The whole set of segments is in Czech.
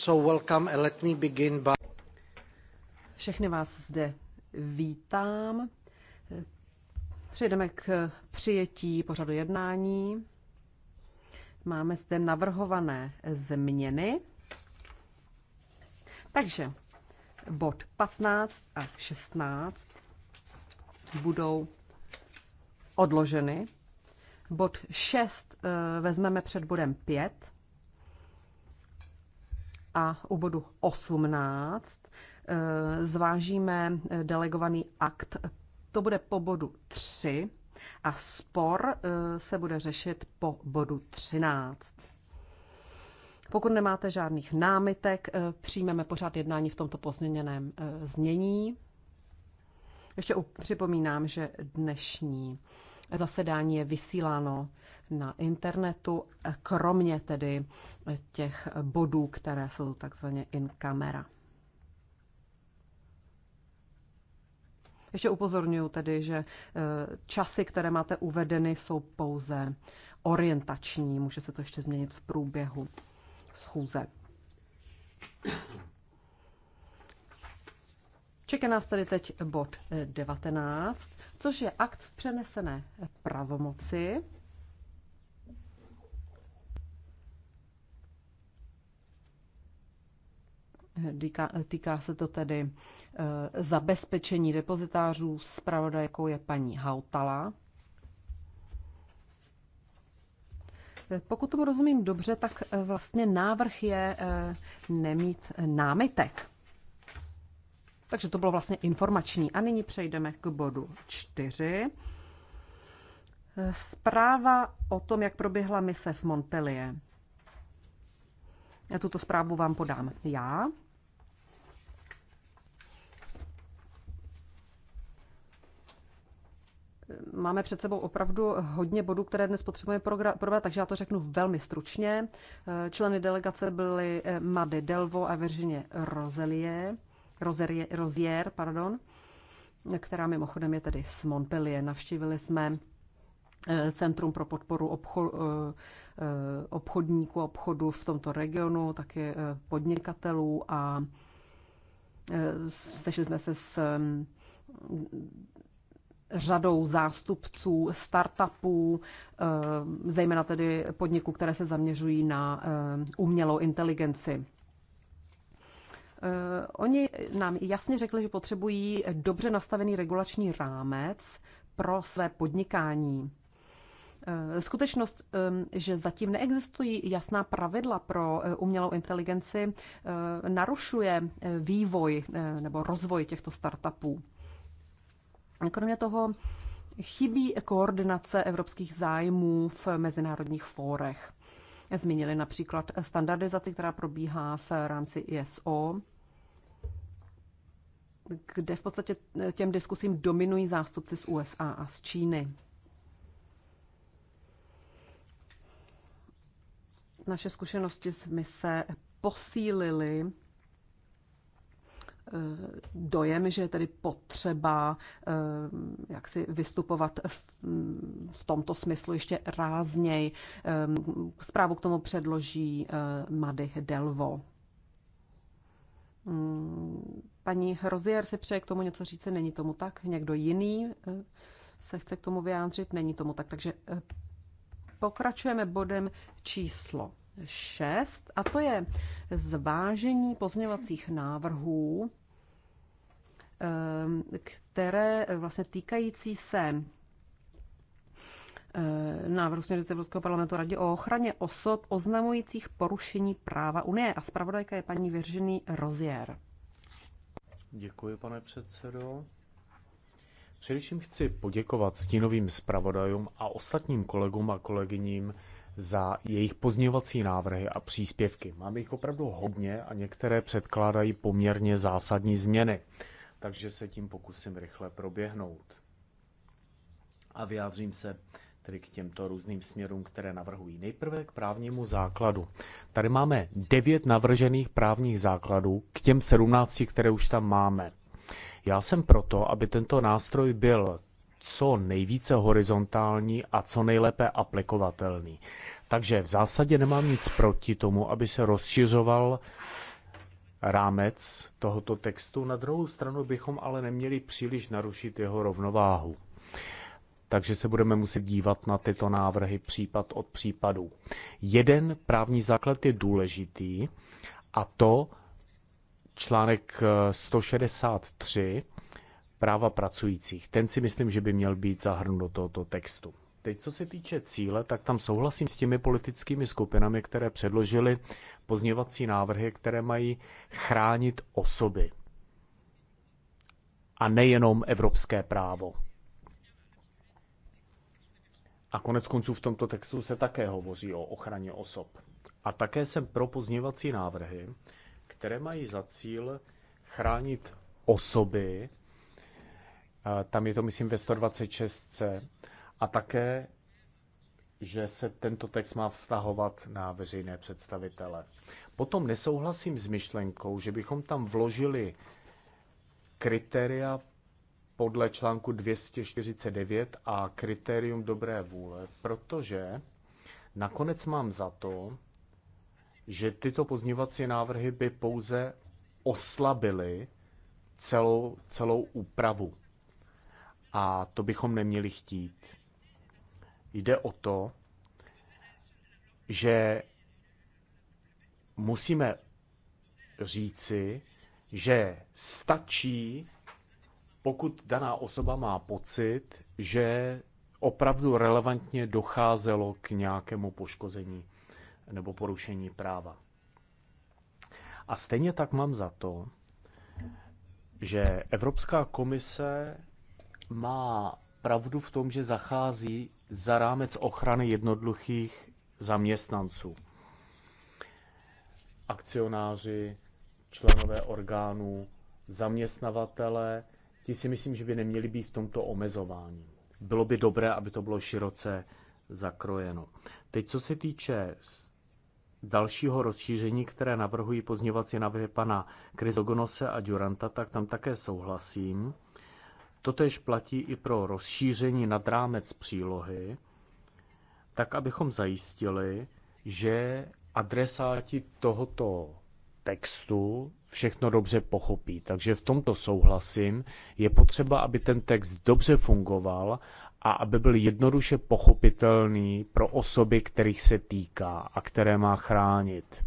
So welcome and let me begin by... Všechny vás zde vítám. Přejdeme k přijetí pořadu jednání. Máme zde navrhované změny. Takže bod 15 a 16 budou odloženy. Bod 6 eh, vezmeme před bodem 5 a u bodu 18 eh, zvážíme eh, delegovaný akt. To bude po bodu 3 a spor eh, se bude řešit po bodu 13. Pokud nemáte žádných námitek, přijmeme pořád jednání v tomto pozměněném znění. Ještě připomínám, že dnešní Zasedání je vysíláno na internetu, kromě tedy těch bodů, které jsou takzvaně in camera. Ještě upozorňuji tedy, že e, časy, které máte uvedeny, jsou pouze orientační. Může se to ještě změnit v průběhu schůze. Čeká nás tady teď bod 19, což je akt v přenesené pravomoci. Týká, se to tedy e, zabezpečení depozitářů. Spravodajkou je paní Hautala. E, pokud tomu rozumím dobře, tak e, vlastně návrh je nemít námitek. Takže to bylo vlastně informační. A nyní přejdeme k bodu čtyři. Zpráva o tom, jak proběhla mise v Montpellier. Já tuto zprávu vám podám já. Máme před sebou opravdu hodně bodů, které dnes potřebujeme probrat, takže já to řeknu velmi stručně. Členy delegace byly Mady Delvo a Virginie Rozelie. Rozier, pardon, která mimochodem je tedy z Montpellier. Navštívili jsme eh, Centrum pro podporu obcho, eh, eh, obchodníků, obchodu v tomto regionu, taky podnikatelů a sešli jsme se s mm, řadou zástupců startupů, zejména tedy podniků, které se zaměřují na umělou inteligenci. Eh, oni nám jasně řekli, že potřebují dobře nastavený regulační rámec pro své podnikání. Eh, skutečnost, eh, že zatím neexistují jasná pravidla pro umělou inteligenci, narušuje vývoj nebo rozvoj těchto startupů. Kromě toho chybí koordinace evropských zájmů v mezinárodních fórech. Zmínili například standardizaci, která probíhá v rámci ISO, kde v podstatě těm diskusím dominují zástupci z USA a z Číny. Naše zkušenosti jsme mise posílily Eh, dojem, že je tedy potřeba eh, jak si vystupovat mm, v tomto smyslu ještě rázněji. Eh, zprávu k tomu předloží Mady Delvo. Mm, paní Hrozier si přeje k tomu něco říci, není tomu tak? Někdo jiný se chce k tomu vyjádřit? Není tomu tak, takže pokračujeme bodem číslo 6 a to je zvážení pozměňovacích návrhů Ehm, které eh, vlastně týkající se eh, návrhu směrnice Evropského parlamentu radě o ochraně osob oznamujících porušení práva Unie. A zpravodajka je paní Virginie Rozier. Děkuji, pane předsedo. Především chci poděkovat stínovým zpravodajům a ostatním kolegům a kolegyním za jejich pozměňovací návrhy a příspěvky. Mám jich opravdu hodně a některé předkládají poměrně zásadní změny takže se tím pokusím rychle proběhnout. A vyjádřím se tedy k těmto různým směrům, které navrhují. Nejprve k právnímu základu. Tady máme devět navržených právních základů k těm sedmnácti, které už tam máme. Já jsem proto, aby tento nástroj byl co nejvíce horizontální a co nejlépe aplikovatelný. Takže v zásadě nemám nic proti tomu, aby se rozšiřoval rámec tohoto textu. Na druhou stranu bychom ale neměli příliš narušit jeho rovnováhu. Takže se budeme muset dívat na tyto návrhy případ od případu. Jeden právní základ je důležitý a to článek 163 eh, práva pracujících. Ten si myslím, že by měl být zahrnut do tohoto textu. Teď, co se týče cíle, tak tam souhlasím s těmi politickými skupinami, které předložily pozněvací návrhy, které mají chránit osoby a nejenom evropské právo. A konec konců v tomto textu se také hovoří o ochraně osob. A také jsem pro pozněvací návrhy, které mají za cíl chránit osoby, tam je to myslím ve 126c, a také, že se tento text má vztahovat na veřejné představitele. Potom nesouhlasím s myšlenkou, že bychom tam vložili kritéria podle článku 249 a kritérium dobré vůle, protože nakonec mám za to, že tyto pozněvací návrhy by pouze oslabily celou, celou úpravu. A to bychom neměli chtít. Jde o to, že musíme říci, že stačí, pokud daná osoba má pocit, že opravdu relevantně docházelo k nějakému poškození nebo porušení práva. A stejně tak mám za to, že Evropská komise má pravdu v tom, že zachází za rámec ochrany jednoduchých zaměstnanců. Akcionáři, členové orgánů, zaměstnavatele, ti si myslím, že by neměli být v tomto omezování. Bylo by dobré, aby to bylo široce zakrojeno. Teď, co se týče dalšího rozšíření, které navrhují pozněvací návrhy pana Krizogonose a Duranta, tak tam také souhlasím. Totež platí i pro rozšíření nad rámec přílohy, tak abychom zajistili, že adresáti tohoto textu všechno dobře pochopí. Takže v tomto souhlasím. Je potřeba, aby ten text dobře fungoval a aby byl jednoduše pochopitelný pro osoby, kterých se týká a které má chránit.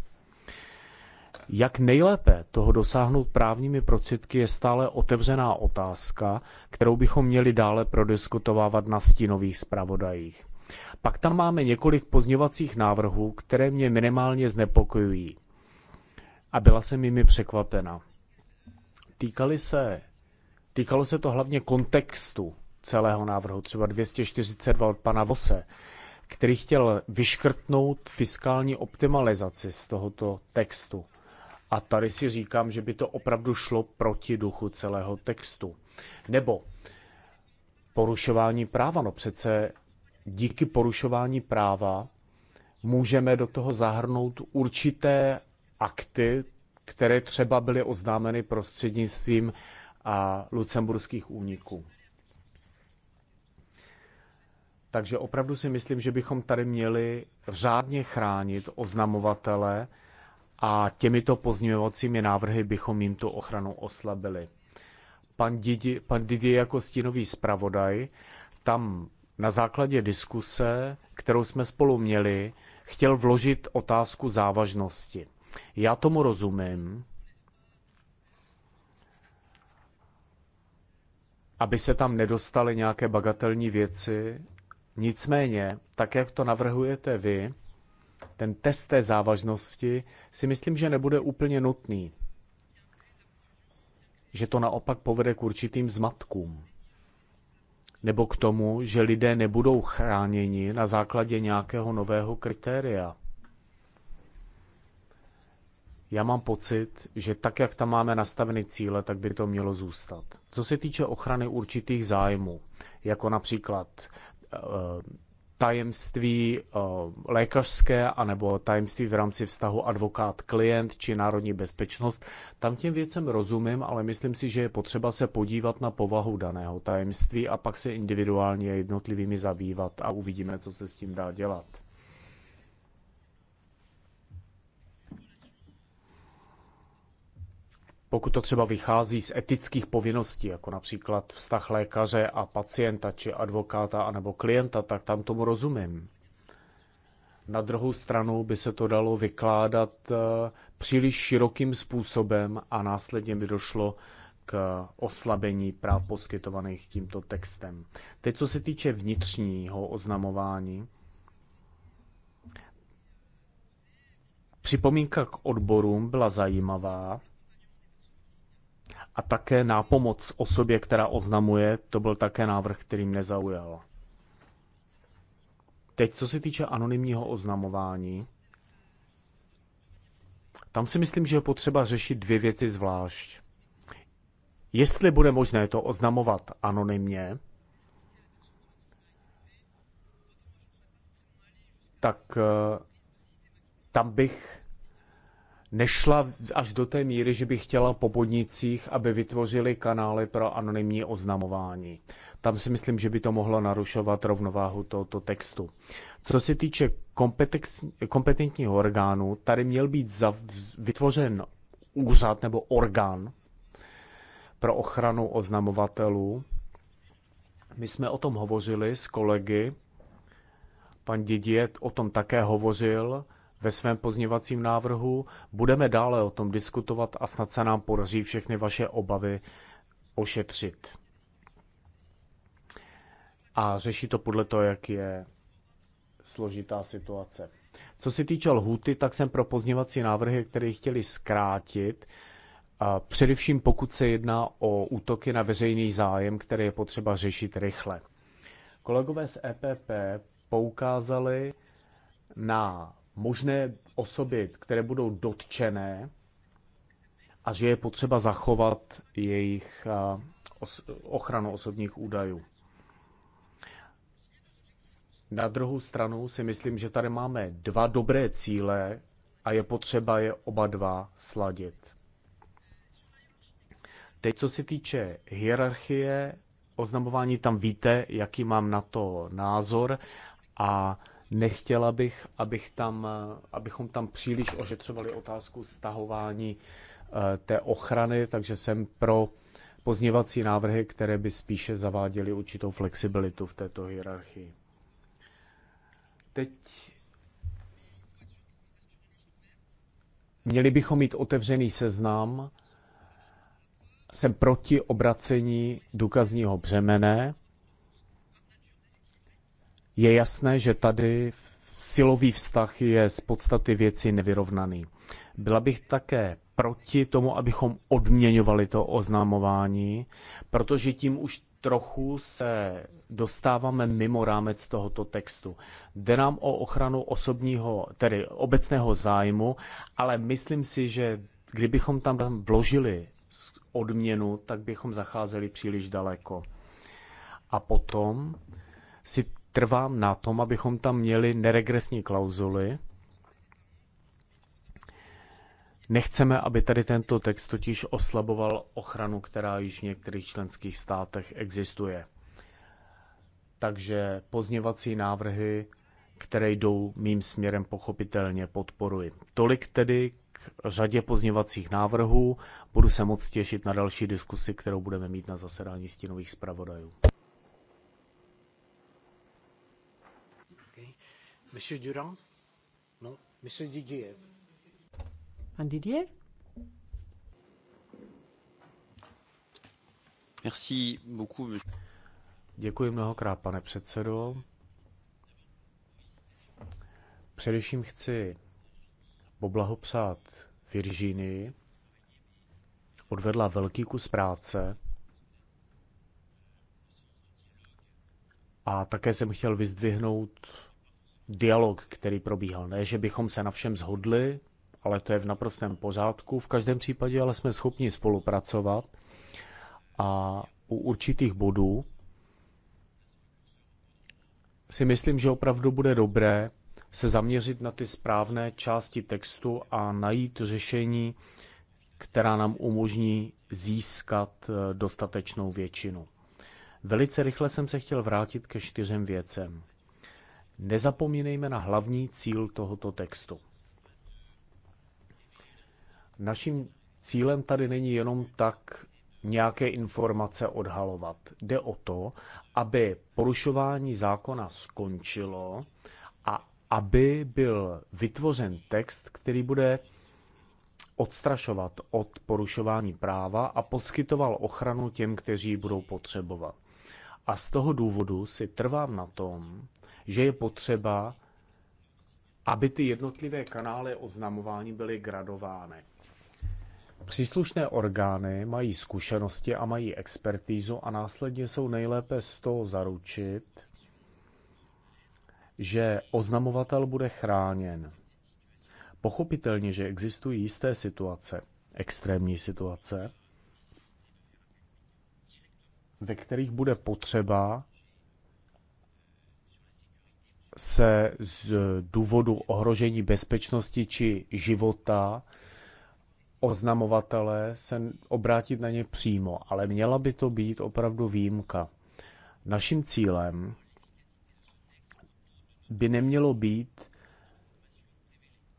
Jak nejlépe toho dosáhnout právními prostředky je stále otevřená otázka, kterou bychom měli dále prodiskutovávat na stínových zpravodajích. Pak tam máme několik pozněvacích návrhů, které mě minimálně znepokojují. A byla jsem jimi překvapena. Týkali se, týkalo se to hlavně kontextu celého návrhu, třeba 242 od pana Vose, který chtěl vyškrtnout fiskální optimalizaci z tohoto textu. A tady si říkám, že by to opravdu šlo proti duchu celého textu. Nebo porušování práva. No přece díky porušování práva můžeme do toho zahrnout určité akty, které třeba byly oznámeny prostřednictvím a lucemburských úniků. Takže opravdu si myslím, že bychom tady měli řádně chránit oznamovatele, a těmito pozměňovacími návrhy bychom jim tu ochranu oslabili. Pan Didi, pan Didi jako stínový zpravodaj tam na základě diskuse, kterou jsme spolu měli, chtěl vložit otázku závažnosti. Já tomu rozumím, aby se tam nedostaly nějaké bagatelní věci. Nicméně, tak jak to navrhujete vy, ten test té závažnosti si myslím, že nebude úplně nutný. Že to naopak povede k určitým zmatkům. Nebo k tomu, že lidé nebudou chráněni na základě nějakého nového kritéria. Já mám pocit, že tak, jak tam máme nastaveny cíle, tak by to mělo zůstat. Co se týče ochrany určitých zájmů, jako například eh, tajemství eh, lékařské anebo tajemství v rámci vztahu advokát-klient či národní bezpečnost. Tam těm věcem rozumím, ale myslím si, že je potřeba se podívat na povahu daného tajemství a pak se individuálně jednotlivými zabývat a uvidíme, co se s tím dá dělat. pokud to třeba vychází z etických povinností, jako například vztah lékaře a pacienta, či advokáta, anebo klienta, tak tam tomu rozumím. Na druhou stranu by se to dalo vykládat eh, příliš širokým způsobem a následně by došlo k oslabení práv poskytovaných tímto textem. Teď, co se týče vnitřního oznamování, připomínka k odborům byla zajímavá a také nápomoc osobě, která oznamuje, to byl také návrh, který mě zaujal. Teď, co se týče anonymního oznamování, tam si myslím, že je potřeba řešit dvě věci zvlášť. Jestli bude možné to oznamovat anonymně, tak eh, tam bych nešla až do té míry, že by chtěla po podnicích, aby vytvořili kanály pro anonymní oznamování. Tam si myslím, že by to mohlo narušovat rovnováhu tohoto textu. Co se týče kompetentního orgánu, tady měl být vytvořen úřad nebo orgán pro ochranu oznamovatelů. My jsme o tom hovořili s kolegy. Pan Didiet o tom také hovořil ve svém pozněvacím návrhu. Budeme dále o tom diskutovat a snad se nám podaří všechny vaše obavy ošetřit. A řeší to podle toho, jak je složitá situace. Co se týče lhuty, tak jsem pro pozněvací návrhy, které chtěli zkrátit, a především pokud se jedná o útoky na veřejný zájem, které je potřeba řešit rychle. Kolegové z EPP poukázali na možné osoby, které budou dotčené a že je potřeba zachovat jejich eh, ochranu osobních údajů. Na druhou stranu si myslím, že tady máme dva dobré cíle a je potřeba je oba dva sladit. Teď, co se týče hierarchie oznamování, tam víte, jaký mám na to názor a Nechtěla bych, abych tam, eh, abychom tam příliš ošetřovali otázku stahování eh, té ochrany, takže jsem pro pozněvací návrhy, které by spíše zaváděly určitou flexibilitu v této hierarchii. Teď měli bychom mít otevřený seznam. Jsem proti obracení důkazního břemene. Je jasné, že tady silový vztah je z podstaty věci nevyrovnaný. Byla bych také proti tomu, abychom odměňovali to oznamování, protože tím už trochu se dostáváme mimo rámec tohoto textu. Jde nám o ochranu osobního, tedy obecného zájmu, ale myslím si, že kdybychom tam vložili odměnu, tak bychom zacházeli příliš daleko. A potom si trvám na tom, abychom tam měli neregresní klauzuly. Nechceme, aby tady tento text totiž oslaboval ochranu, která již v některých členských státech existuje. Takže pozněvací návrhy, které jdou mým směrem, pochopitelně podporuji. Tolik tedy k řadě pozněvacích návrhů. Budu se moc těšit na další diskusi, kterou budeme mít na zasedání stínových zpravodajů. Monsieur Durand? No, monsieur Didier. Didier? Merci beaucoup. Děkuji mnohokrát, pane předsedo. Především chci poblahopřát Virginii. Odvedla velký kus práce. A také jsem chtěl vyzdvihnout dialog, který probíhal. Ne, že bychom se na všem zhodli, ale to je v naprostém pořádku. V každém případě ale jsme schopni spolupracovat a u určitých bodů si myslím, že opravdu bude dobré se zaměřit na ty správné části textu a najít řešení, která nám umožní získat eh, dostatečnou většinu. Velice rychle jsem se chtěl vrátit ke čtyřem věcem. Nezapomínejme na hlavní cíl tohoto textu. Naším cílem tady není jenom tak nějaké informace odhalovat. Jde o to, aby porušování zákona skončilo a aby byl vytvořen text, který bude odstrašovat od porušování práva a poskytoval ochranu těm, kteří ji budou potřebovat. A z toho důvodu si trvám na tom, že je potřeba, aby ty jednotlivé kanály oznamování byly gradovány. Příslušné orgány mají zkušenosti a mají expertízu a následně jsou nejlépe z toho zaručit, že oznamovatel bude chráněn. Pochopitelně, že existují jisté situace, extrémní situace, ve kterých bude potřeba se z důvodu ohrožení bezpečnosti či života oznamovatele se obrátit na ně přímo, ale měla by to být opravdu výjimka. Naším cílem by nemělo být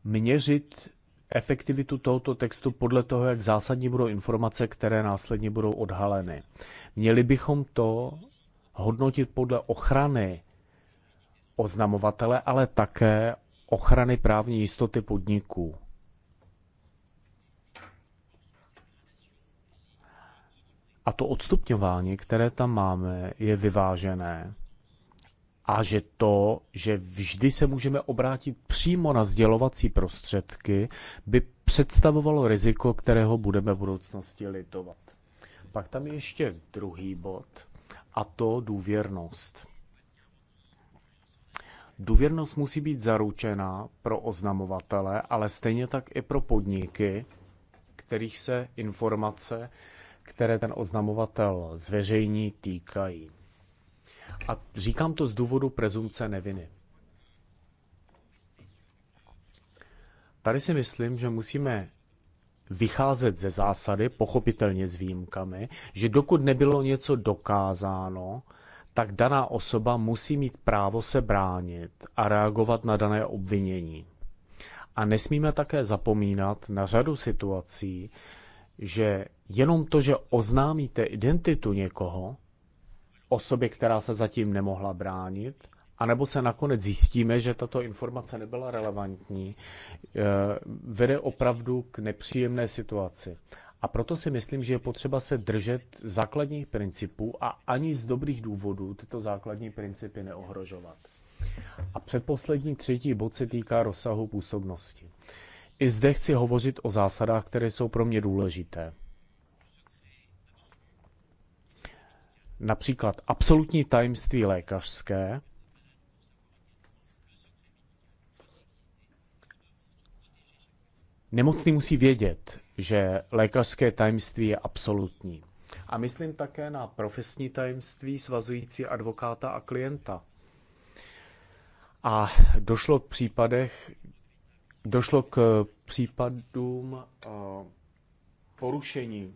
měřit efektivitu tohoto textu podle toho, jak zásadní budou informace, které následně budou odhaleny. Měli bychom to hodnotit podle ochrany oznamovatele, ale také ochrany právní jistoty podniků. A to odstupňování, které tam máme, je vyvážené. A že to, že vždy se můžeme obrátit přímo na sdělovací prostředky, by představovalo riziko, kterého budeme v budoucnosti litovat. Pak tam je ještě druhý bod, a to důvěrnost. Důvěrnost musí být zaručena pro oznamovatele, ale stejně tak i pro podniky, kterých se informace, které ten oznamovatel zveřejní, týkají. A říkám to z důvodu prezumce neviny. Tady si myslím, že musíme vycházet ze zásady, pochopitelně s výjimkami, že dokud nebylo něco dokázáno, tak daná osoba musí mít právo se bránit a reagovat na dané obvinění. A nesmíme také zapomínat na řadu situací, že jenom to, že oznámíte identitu někoho, osobě, která se zatím nemohla bránit, anebo se nakonec zjistíme, že tato informace nebyla relevantní, eh, vede opravdu k nepříjemné situaci. A proto si myslím, že je potřeba se držet základních principů a ani z dobrých důvodů tyto základní principy neohrožovat. A předposlední třetí bod se týká rozsahu působnosti. I zde chci hovořit o zásadách, které jsou pro mě důležité. Například absolutní tajemství lékařské, Nemocný musí vědět, že lékařské tajemství je absolutní. A myslím také na profesní tajemství svazující advokáta a klienta. A došlo k případech, došlo k případům eh, porušení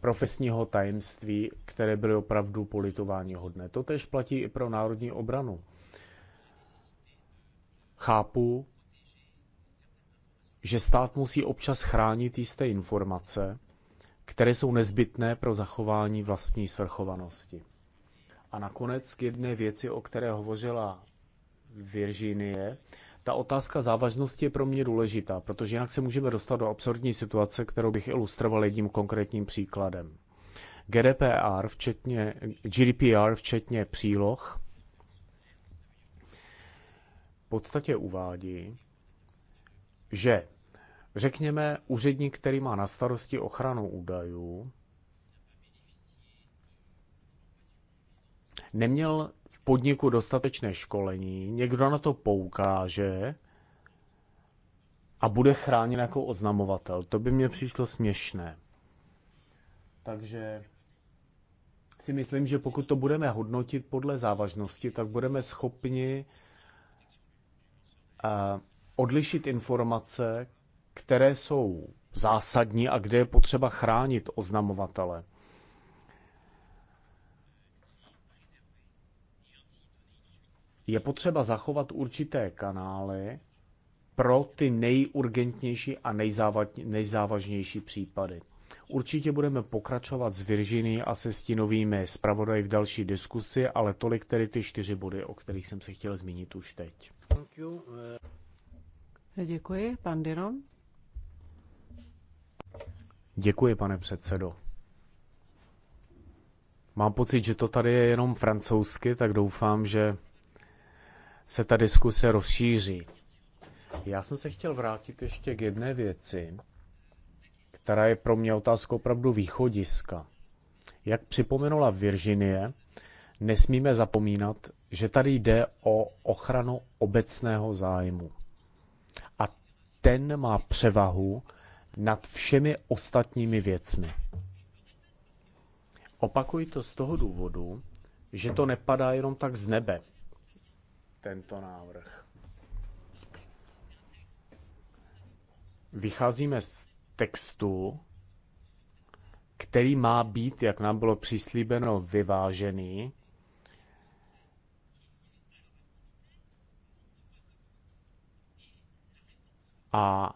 profesního tajemství, které byly opravdu politování hodné. To tež platí i pro národní obranu. Chápu že stát musí občas chránit jisté informace, které jsou nezbytné pro zachování vlastní svrchovanosti. A nakonec k jedné věci, o které hovořila Virginie, ta otázka závažnosti je pro mě důležitá, protože jinak se můžeme dostat do absurdní situace, kterou bych ilustroval jedním konkrétním příkladem. GDPR, včetně, GDPR, včetně příloh, v podstatě uvádí, že řekněme úředník, který má na starosti ochranu údajů, neměl v podniku dostatečné školení, někdo na to poukáže a bude chráněn jako oznamovatel. To by mě přišlo směšné. Takže si myslím, že pokud to budeme hodnotit podle závažnosti, tak budeme schopni eh, odlišit informace, které jsou zásadní a kde je potřeba chránit oznamovatele. Je potřeba zachovat určité kanály pro ty nejurgentnější a nejzávažnější případy. Určitě budeme pokračovat s Virginí a se stinovými zpravodaji v další diskusi, ale tolik tedy ty čtyři body, o kterých jsem se chtěl zmínit už teď. Děkuji. Pan Diron. Děkuji, pane předsedo. Mám pocit, že to tady je jenom francouzsky, tak doufám, že se ta diskuse rozšíří. Já jsem se chtěl vrátit ještě k jedné věci, která je pro mě otázka opravdu východiska. Jak připomenula Virginie, nesmíme zapomínat, že tady jde o ochranu obecného zájmu a ten má převahu nad všemi ostatními věcmi. Opakuji to z toho důvodu, že to nepadá jenom tak z nebe, tento návrh. Vycházíme z textu, který má být, jak nám bylo přislíbeno, vyvážený, A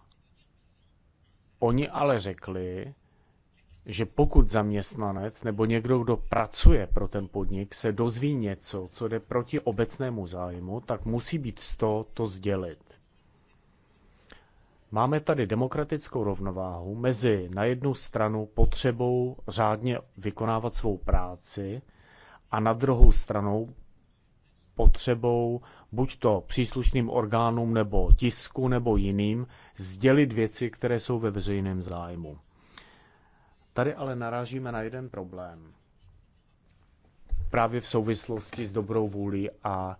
oni ale řekli, že pokud zaměstnanec nebo někdo, kdo pracuje pro ten podnik, se dozví něco, co jde proti obecnému zájmu, tak musí být z toho to sdělit. Máme tady demokratickou rovnováhu mezi na jednu stranu potřebou řádně vykonávat svou práci a na druhou stranou potřebou buď to příslušným orgánům nebo tisku nebo jiným sdělit věci, které jsou ve veřejném zájmu. Tady ale narážíme na jeden problém. Právě v souvislosti s dobrou vůli a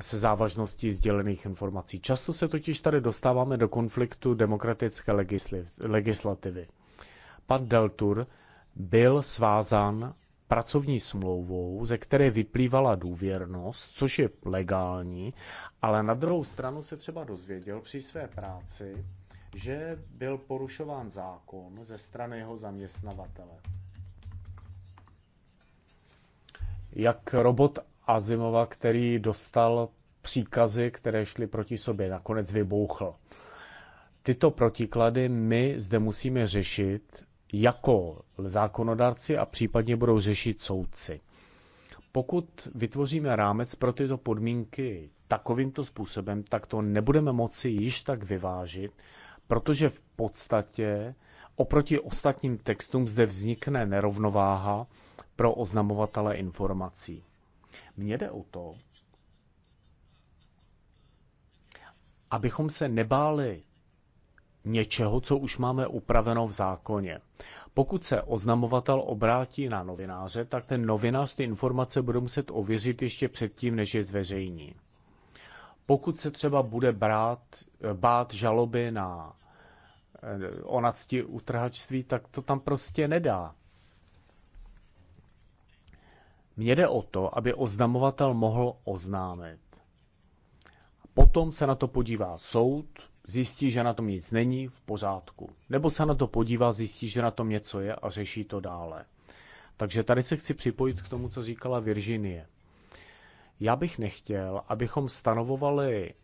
se závažností sdělených informací. Často se totiž tady dostáváme do konfliktu demokratické legislativy. Pan Deltur byl svázán pracovní smlouvou, ze které vyplývala důvěrnost, což je legální, ale na druhou stranu se třeba dozvěděl při své práci, že byl porušován zákon ze strany jeho zaměstnavatele. Jak robot Azimova, který dostal příkazy, které šly proti sobě, nakonec vybouchl. Tyto protiklady my zde musíme řešit jako zákonodárci a případně budou řešit soudci. Pokud vytvoříme rámec pro tyto podmínky takovýmto způsobem, tak to nebudeme moci již tak vyvážit, protože v podstatě oproti ostatním textům zde vznikne nerovnováha pro oznamovatele informací. Mně jde o to, abychom se nebáli něčeho, co už máme upraveno v zákoně. Pokud se oznamovatel obrátí na novináře, tak ten novinář ty informace bude muset ověřit ještě předtím, než je zveřejní. Pokud se třeba bude brát, bát žaloby na eh, onacti utrhačství, tak to tam prostě nedá. Mně jde o to, aby oznamovatel mohl oznámit. Potom se na to podívá soud, zjistí, že na tom nic není v pořádku. Nebo se na to podívá, zjistí, že na tom něco je a řeší to dále. Takže tady se chci připojit k tomu, co říkala Virginie. Já bych nechtěl, abychom stanovovali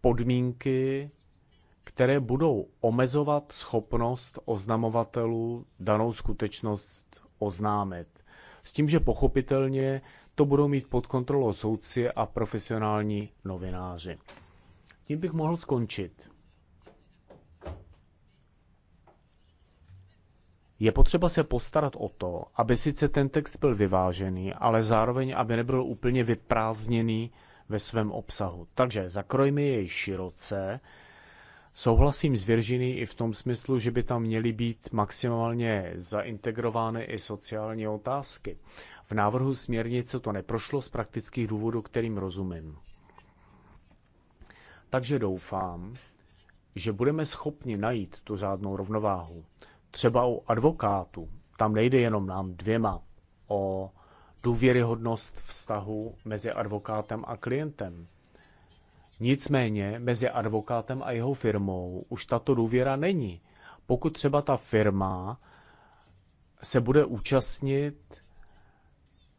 podmínky, které budou omezovat schopnost oznamovatelů danou skutečnost oznámit. S tím, že pochopitelně to budou mít pod kontrolou soudci a profesionální novináři. Tím bych mohl skončit. Je potřeba se postarat o to, aby sice ten text byl vyvážený, ale zároveň, aby nebyl úplně vyprázdněný ve svém obsahu. Takže zakrojme jej široce. Souhlasím s Virginí i v tom smyslu, že by tam měly být maximálně zaintegrovány i sociální otázky. V návrhu směrnice to neprošlo z praktických důvodů, kterým rozumím. Takže doufám, že budeme schopni najít tu řádnou rovnováhu. Třeba u advokátu, tam nejde jenom nám dvěma o důvěryhodnost vztahu mezi advokátem a klientem. Nicméně mezi advokátem a jeho firmou už tato důvěra není. Pokud třeba ta firma se bude účastnit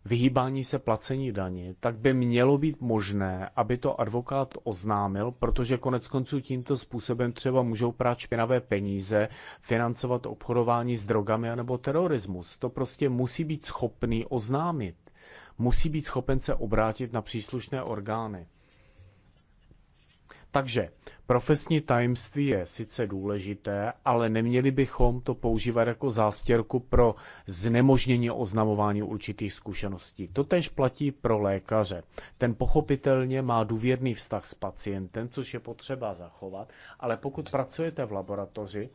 vyhýbání se placení daní, tak by mělo být možné, aby to advokát oznámil, protože konec konců tímto způsobem třeba můžou prát špinavé peníze, financovat obchodování s drogami nebo terorismus. To prostě musí být schopný oznámit. Musí být schopen se obrátit na příslušné orgány. Takže profesní tajemství je sice důležité, ale neměli bychom to používat jako zástěrku pro znemožnění oznamování určitých zkušeností. To tež platí pro lékaře. Ten pochopitelně má důvěrný vztah s pacientem, což je potřeba zachovat, ale pokud pracujete v laboratoři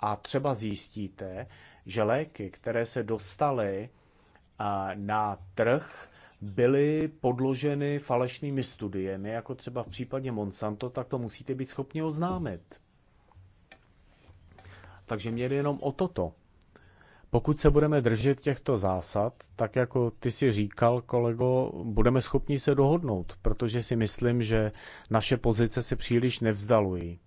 a třeba zjistíte, že léky, které se dostaly na trh, byly podloženy falešnými studiemi, jako třeba v případě Monsanto, tak to musíte být schopni oznámit. Takže mě jde jenom o toto. Pokud se budeme držet těchto zásad, tak jako ty si říkal, kolego, budeme schopni se dohodnout, protože si myslím, že naše pozice se příliš nevzdalují.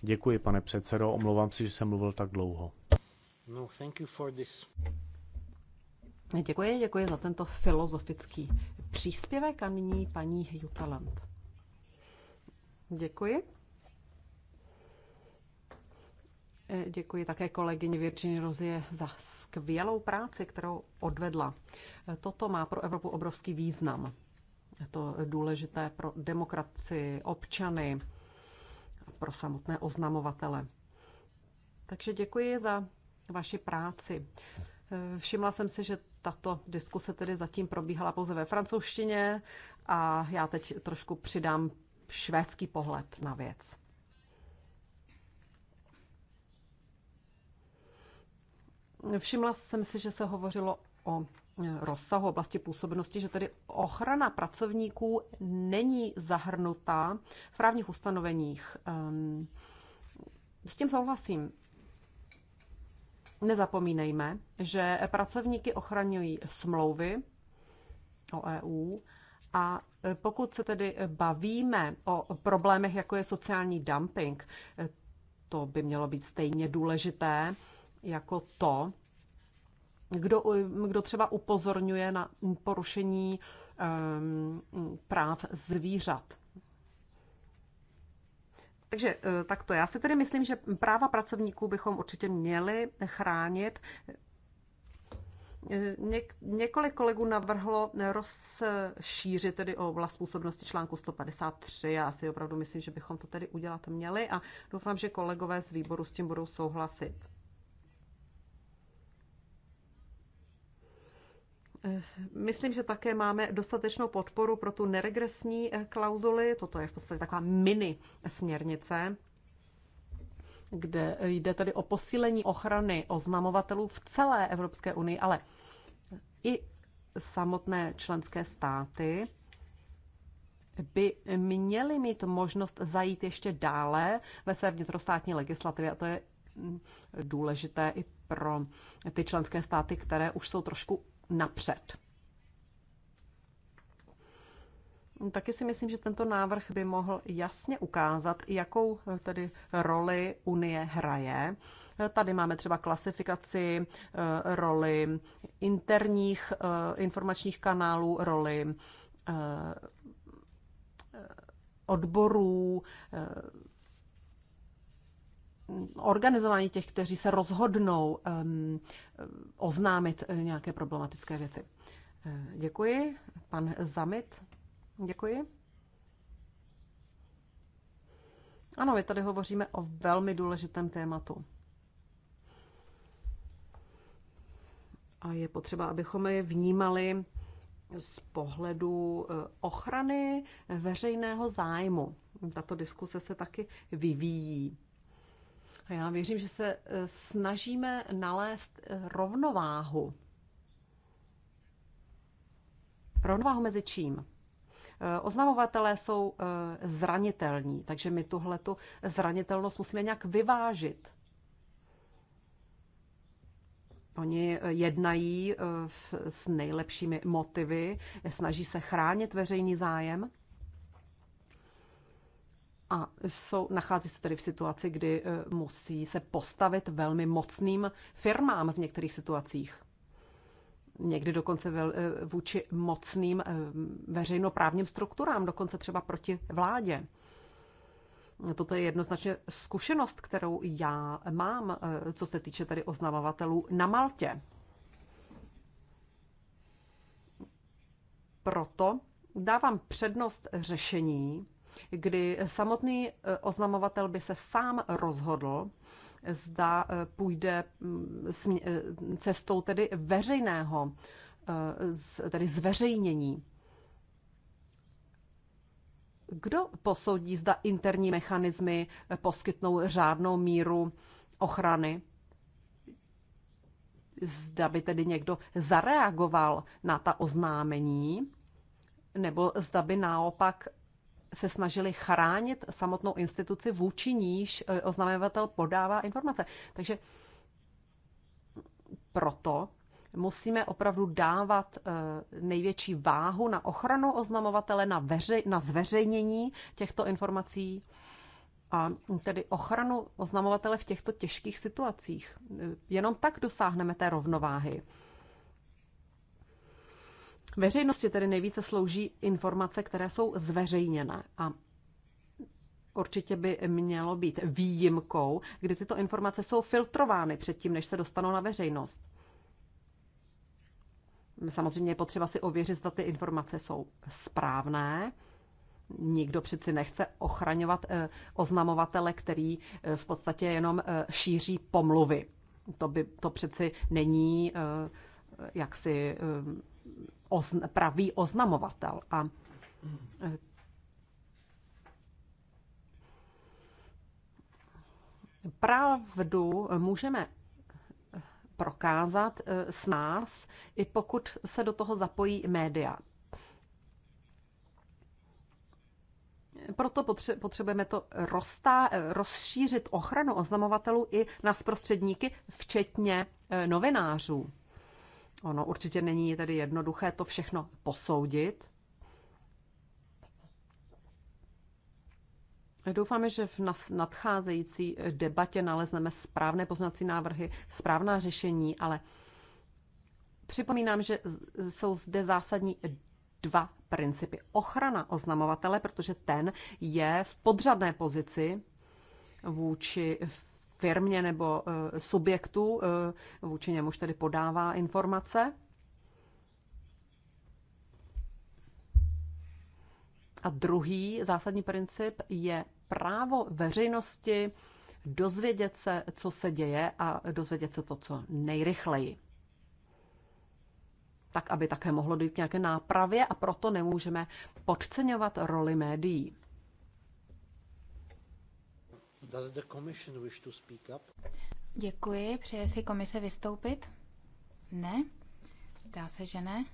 Děkuji, pane předsedo, omlouvám si, že jsem mluvil tak dlouho. No, thank you for this. Děkuji, děkuji za tento filozofický příspěvek a nyní paní Jutalant. Děkuji. E, děkuji také kolegyni Virginie Rozie za skvělou práci, kterou odvedla. E, toto má pro Evropu obrovský význam. Je to důležité pro demokracii, občany, pro samotné oznamovatele. Takže děkuji za vaši práci. Eh, všimla jsem si, že tato diskuse tedy zatím probíhala pouze ve francouzštině a já teď trošku přidám švédský pohled na věc. Všimla jsem si, že se hovořilo o eh, rozsahu oblasti působnosti, že tedy ochrana pracovníků není zahrnutá v právních ustanoveních. Ehm, s tím souhlasím. Nezapomínejme, že pracovníky ochraňují smlouvy o EU a pokud se tedy bavíme o problémech, jako je sociální dumping, to by mělo být stejně důležité jako to, kdo, kdo třeba upozorňuje na porušení um, práv zvířat. Takže eh, tak to Já si tedy myslím, že práva pracovníků bychom určitě měli chránit. Eh, něk, několik kolegů navrhlo rozšířit tedy o vlast působnosti článku 153. Já si opravdu myslím, že bychom to tedy udělat měli a doufám, že kolegové z výboru s tím budou souhlasit. Myslím, že také máme dostatečnou podporu pro tu neregresní eh, klauzuli. Toto je v podstatě taková mini směrnice, kde jde tedy o posílení ochrany oznamovatelů v celé Evropské unii, ale i samotné členské státy by měly mít možnost zajít ještě dále ve své vnitrostátní legislativě. A to je mm, důležité i pro ty členské státy, které už jsou trošku napřed. Taky si myslím, že tento návrh by mohl jasně ukázat, jakou tedy roli Unie hraje. Tady máme třeba klasifikaci eh, roli interních eh, informačních kanálů, roli eh, odborů, organizování těch, kteří se rozhodnou um, oznámit eh, nějaké problematické věci. Eh, děkuji. Pan Zamit, děkuji. Ano, my tady hovoříme o velmi důležitém tématu. A je potřeba, abychom je vnímali z pohledu eh, ochrany veřejného zájmu. Tato diskuse se taky vyvíjí. A já věřím, že se eh, snažíme nalézt eh, rovnováhu. Rovnováhu mezi čím? Eh, oznamovatelé jsou zranitelní, takže my tuhle tu zranitelnost musíme nějak vyvážit. Oni jednají s nejlepšími motivy, snaží se chránit veřejný zájem, a jsou, nachází se tedy v situaci, kdy e, musí se postavit velmi mocným firmám v některých situacích. Někdy dokonce e, vůči mocným e, veřejnoprávním strukturám, dokonce třeba proti vládě. Toto je jednoznačně zkušenost, kterou já mám, co se týče tedy oznamovatelů na Maltě. Proto dávám přednost řešení, kdy samotný e, oznamovatel by se sám rozhodl, zda e, půjde mm, e, cestou tedy veřejného, tedy zveřejnění. Kdo posoudí, zda interní mechanismy poskytnou řádnou míru ochrany? Zda by tedy někdo zareagoval na ta oznámení, nebo zda by naopak se snažili chránit samotnou instituci, vůči níž e, oznamovatel podává informace. Takže proto musíme opravdu dávat e, největší váhu na ochranu oznamovatele, na, veře, na zveřejnění těchto informací a tedy ochranu oznamovatele v těchto těžkých situacích. E, jenom tak dosáhneme té rovnováhy. Veřejnosti tedy nejvíce slouží informace, které jsou zveřejněné a určitě by mělo být výjimkou, kdy tyto informace jsou filtrovány předtím, než se dostanou na veřejnost. Samozřejmě je potřeba si ověřit, zda ty informace jsou správné. Nikdo přeci nechce ochraňovat eh, oznamovatele, který eh, v podstatě jenom eh, šíří pomluvy. To, by, to přeci není jaksi ozn- pravý oznamovatel. A eh, pravdu můžeme eh, prokázat eh, s nás, i pokud se do toho zapojí média. Proto potřebujeme to rozstá, rozšířit ochranu oznamovatelů i na zprostředníky, včetně novinářů. Ono určitě není tedy jednoduché to všechno posoudit. Doufáme, že v nadcházející debatě nalezneme správné poznací návrhy, správná řešení, ale připomínám, že jsou zde zásadní dva principy. Ochrana oznamovatele, protože ten je v podřadné pozici vůči firmě nebo eh, subjektu, eh, vůči němuž tedy podává informace. A druhý zásadní princip je právo veřejnosti dozvědět se, co se děje a dozvědět se to, co nejrychleji. Tak, aby také mohlo dojít k nějaké nápravě a proto nemůžeme podceňovat roli médií. Does the commission wish to speak up? Děkuji. Přeje si komise vystoupit? Ne? Zdá se, že ne.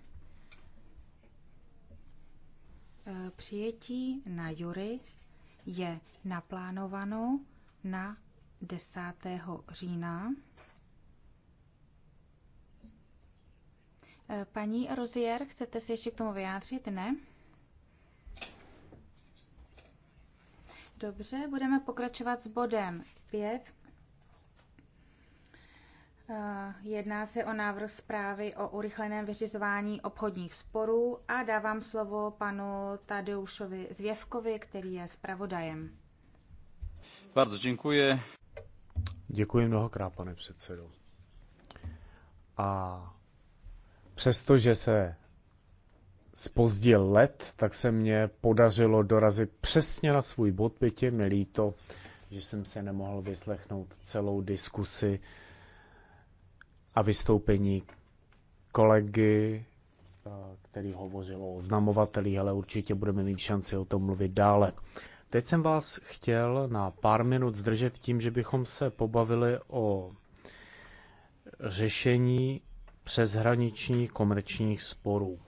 E, přijetí na jury je naplánováno na 10. října. E, paní Rozier, chcete se ještě k tomu vyjádřit? Ne? Dobře, budeme pokračovat s bodem 5. Eh, jedná se o návrh zprávy o urychleném vyřizování obchodních sporů a dávám slovo panu Tadeušovi Zvěvkovi, který je zpravodajem. Bardzo děkuji. Děkuji mnohokrát, pane předsedo. A přestože se spozdě let, tak se mě podařilo dorazit přesně na svůj bod. Pětě mi líto, že jsem se nemohl vyslechnout celou diskusi a vystoupení kolegy, eh, který hovořil o oznamovatelích, ale určitě budeme mít šanci o tom mluvit dále. Teď jsem vás chtěl na pár minut zdržet tím, že bychom se pobavili o řešení přeshraničních komerčních sporů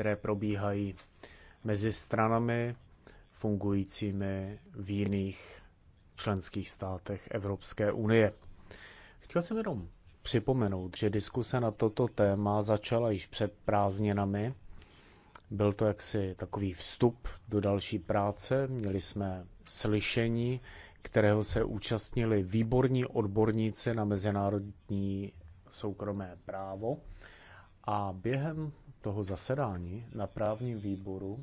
které probíhají mezi stranami fungujícími v jiných členských státech Evropské unie. Chtěl jsem jenom připomenout, že diskuse na toto téma začala již před prázdninami. Byl to jaksi takový vstup do další práce. Měli jsme slyšení, kterého se účastnili výborní odborníci na mezinárodní soukromé právo. A během toho zasedání na právním výboru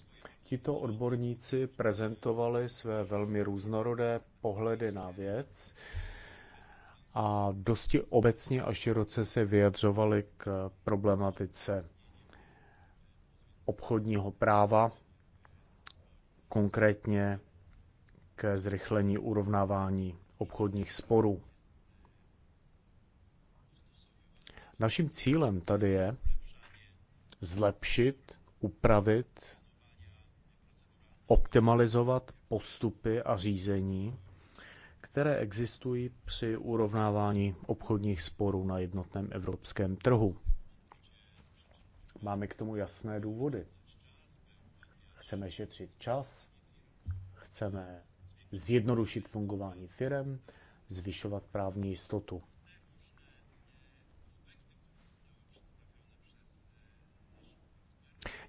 tito odborníci prezentovali své velmi různorodé pohledy na věc a dosti obecně a široce se vyjadřovali k problematice obchodního práva, konkrétně ke zrychlení urovnávání obchodních sporů. Naším cílem tady je, zlepšit, upravit, optimalizovat postupy a řízení, které existují při urovnávání obchodních sporů na jednotném evropském trhu. Máme k tomu jasné důvody. Chceme šetřit čas, chceme zjednodušit fungování firem, zvyšovat právní jistotu.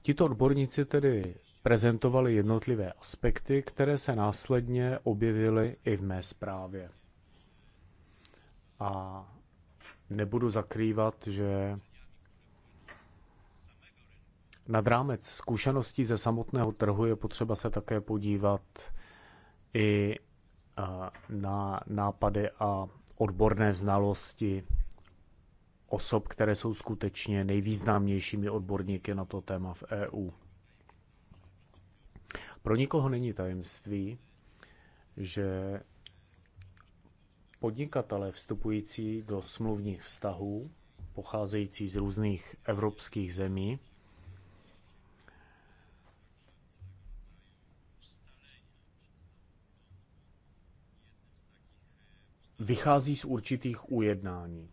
Tito odborníci tedy prezentovali jednotlivé aspekty, které se následně objevily i v mé zprávě. A nebudu zakrývat, že nad rámec zkušeností ze samotného trhu je potřeba se také podívat i na nápady a odborné znalosti osob, které jsou skutečně nejvýznamnějšími odborníky na to téma v EU. Pro nikoho není tajemství, že podnikatele vstupující do smluvních vztahů, pocházející z různých evropských zemí, vychází z určitých ujednání.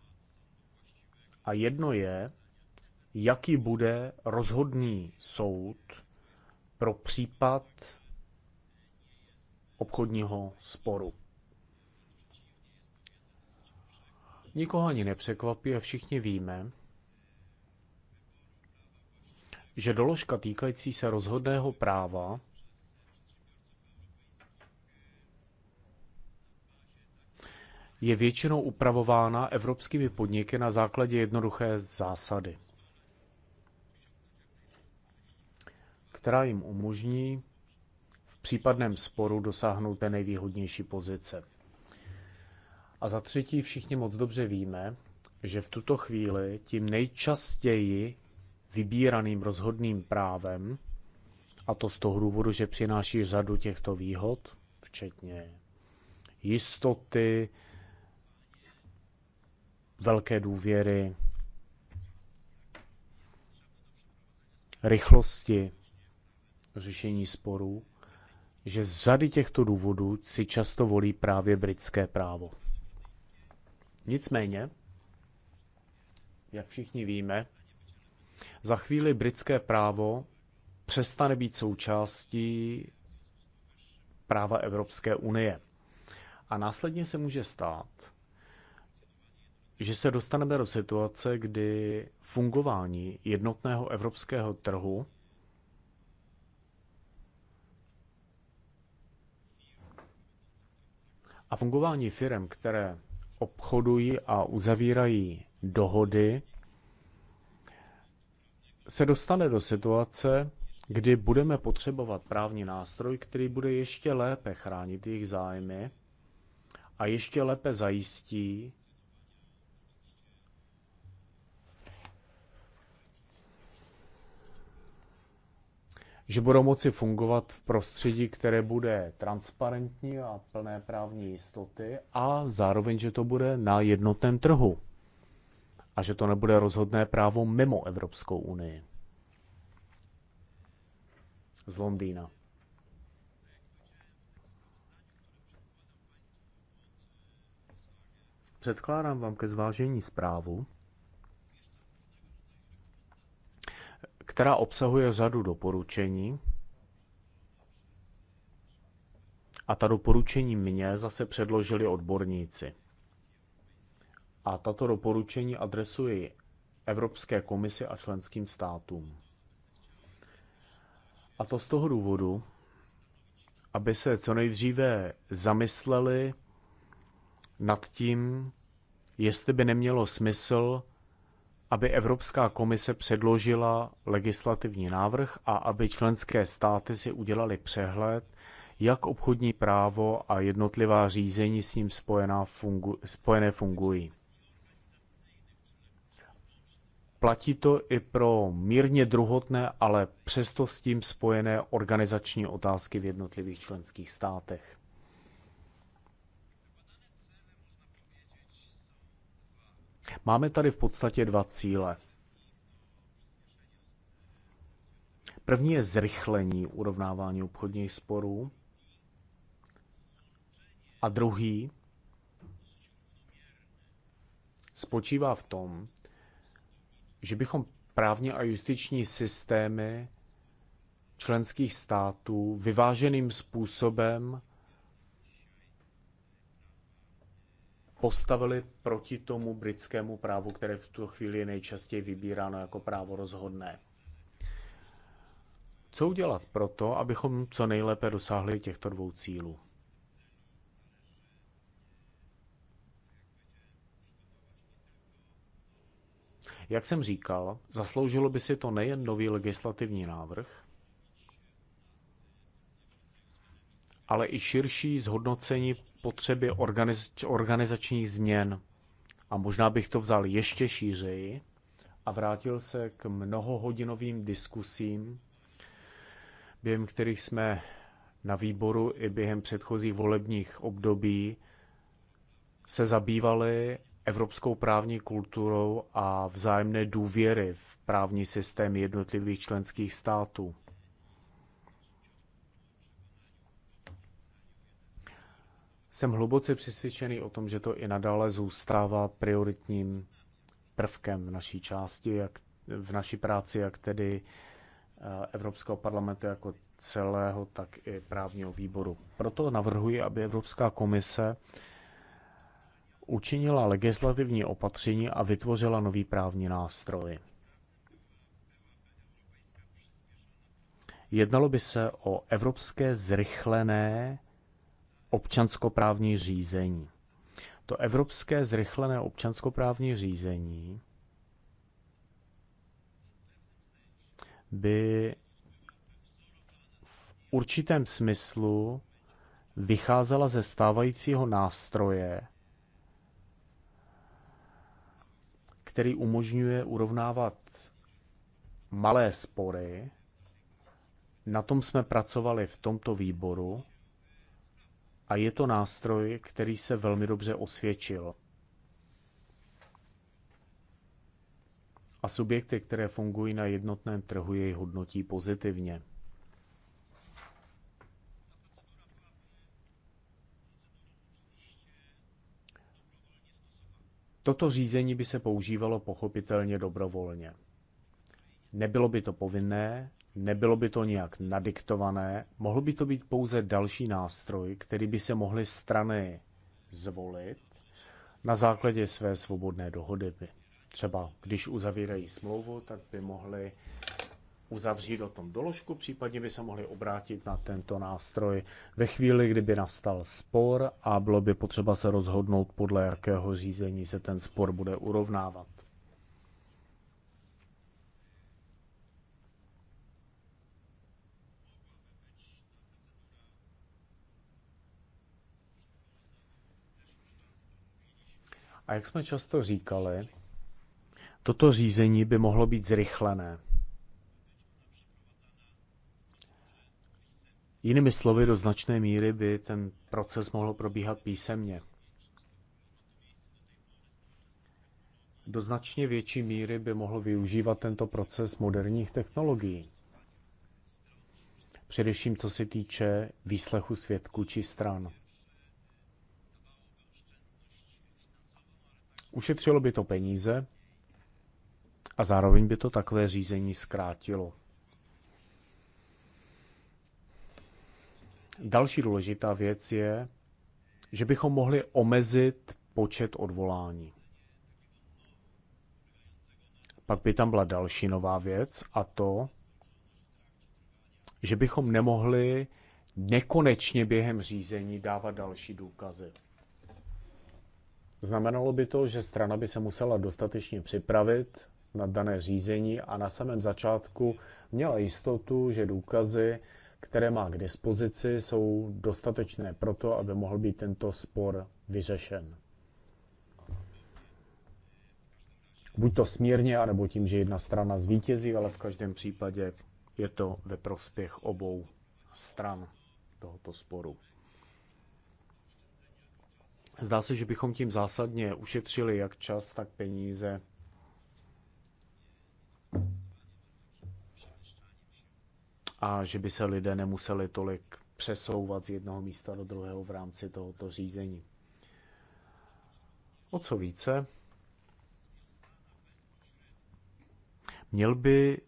A jedno je, jaký bude rozhodný soud pro případ obchodního sporu. Nikoho ani nepřekvapí a všichni víme, že doložka týkající se rozhodného práva je většinou upravována evropskými podniky na základě jednoduché zásady, která jim umožní v případném sporu dosáhnout té nejvýhodnější pozice. A za třetí všichni moc dobře víme, že v tuto chvíli tím nejčastěji vybíraným rozhodným právem, a to z toho důvodu, že přináší řadu těchto výhod, včetně jistoty, velké důvěry, rychlosti řešení sporů, že z řady těchto důvodů si často volí právě britské právo. Nicméně, jak všichni víme, za chvíli britské právo přestane být součástí práva Evropské unie. A následně se může stát, že se dostaneme do situace, kdy fungování jednotného evropského trhu a fungování firm, které obchodují a uzavírají dohody, se dostane do situace, kdy budeme potřebovat právní nástroj, který bude ještě lépe chránit jejich zájmy a ještě lépe zajistí, že budou moci fungovat v prostředí, které bude transparentní a plné právní jistoty a zároveň, že to bude na jednotném trhu a že to nebude rozhodné právo mimo Evropskou unii. Z Londýna. Předkládám vám ke zvážení zprávu, která obsahuje řadu doporučení. A ta doporučení mě zase předložili odborníci. A tato doporučení adresuji Evropské komisi a členským státům. A to z toho důvodu, aby se co nejdříve zamysleli nad tím, jestli by nemělo smysl aby Evropská komise předložila legislativní návrh a aby členské státy si udělali přehled, jak obchodní právo a jednotlivá řízení s ním spojená fungu, spojené fungují. Platí to i pro mírně druhotné, ale přesto s tím spojené organizační otázky v jednotlivých členských státech. Máme tady v podstatě dva cíle. První je zrychlení urovnávání obchodních sporů a druhý spočívá v tom, že bychom právně a justiční systémy členských států vyváženým způsobem postavili proti tomu britskému právu, které v tuto chvíli je nejčastěji vybíráno jako právo rozhodné. Co udělat pro to, abychom co nejlépe dosáhli těchto dvou cílů? Jak jsem říkal, zasloužilo by si to nejen nový legislativní návrh, ale i širší zhodnocení potřeby organiz- organizačních změn. A možná bych to vzal ještě šířeji a vrátil se k mnohohodinovým diskusím, během kterých jsme na výboru i během předchozích volebních období se zabývali evropskou právní kulturou a vzájemné důvěry v právní systém jednotlivých členských států. Jsem hluboce přesvědčený o tom, že to i nadále zůstává prioritním prvkem v naší části, jak v naší práci, jak tedy eh, Evropského parlamentu jako celého, tak i právního výboru. Proto navrhuji, aby Evropská komise učinila legislativní opatření a vytvořila nový právní nástroj. Jednalo by se o evropské zrychlené občanskoprávní řízení. To evropské zrychlené občanskoprávní řízení by v určitém smyslu vycházela ze stávajícího nástroje, který umožňuje urovnávat malé spory. Na tom jsme pracovali v tomto výboru a je to nástroj, který se velmi dobře osvědčil. A subjekty, které fungují na jednotném trhu, jej hodnotí pozitivně. Toto řízení by se používalo pochopitelně dobrovolně. Nebylo by to povinné, nebylo by to nijak nadiktované, mohl by to být pouze další nástroj, který by se mohly strany zvolit na základě své svobodné dohody. Třeba když uzavírají smlouvu, tak by mohli uzavřít o tom doložku, případně by se mohli obrátit na tento nástroj ve chvíli, kdyby nastal spor a bylo by potřeba se rozhodnout, podle jakého řízení se ten spor bude urovnávat. A jak jsme často říkali, toto řízení by mohlo být zrychlené. Jinými slovy, do značné míry by ten proces mohl probíhat písemně. Do značně větší míry by mohl využívat tento proces moderních technologií. Především co se týče výslechu svědků či stran. Ušetřilo by to peníze a zároveň by to takové řízení zkrátilo. Další důležitá věc je, že bychom mohli omezit počet odvolání. Pak by tam byla další nová věc a to, že bychom nemohli nekonečně během řízení dávat další důkazy. Znamenalo by to, že strana by se musela dostatečně připravit na dané řízení a na samém začátku měla jistotu, že důkazy, které má k dispozici, jsou dostatečné pro to, aby mohl být tento spor vyřešen. Buď to smírně, anebo tím, že jedna strana zvítězí, ale v každém případě je to ve prospěch obou stran tohoto sporu. Zdá se, že bychom tím zásadně ušetřili jak čas, tak peníze. A že by se lidé nemuseli tolik přesouvat z jednoho místa do druhého v rámci tohoto řízení. O co více, měl by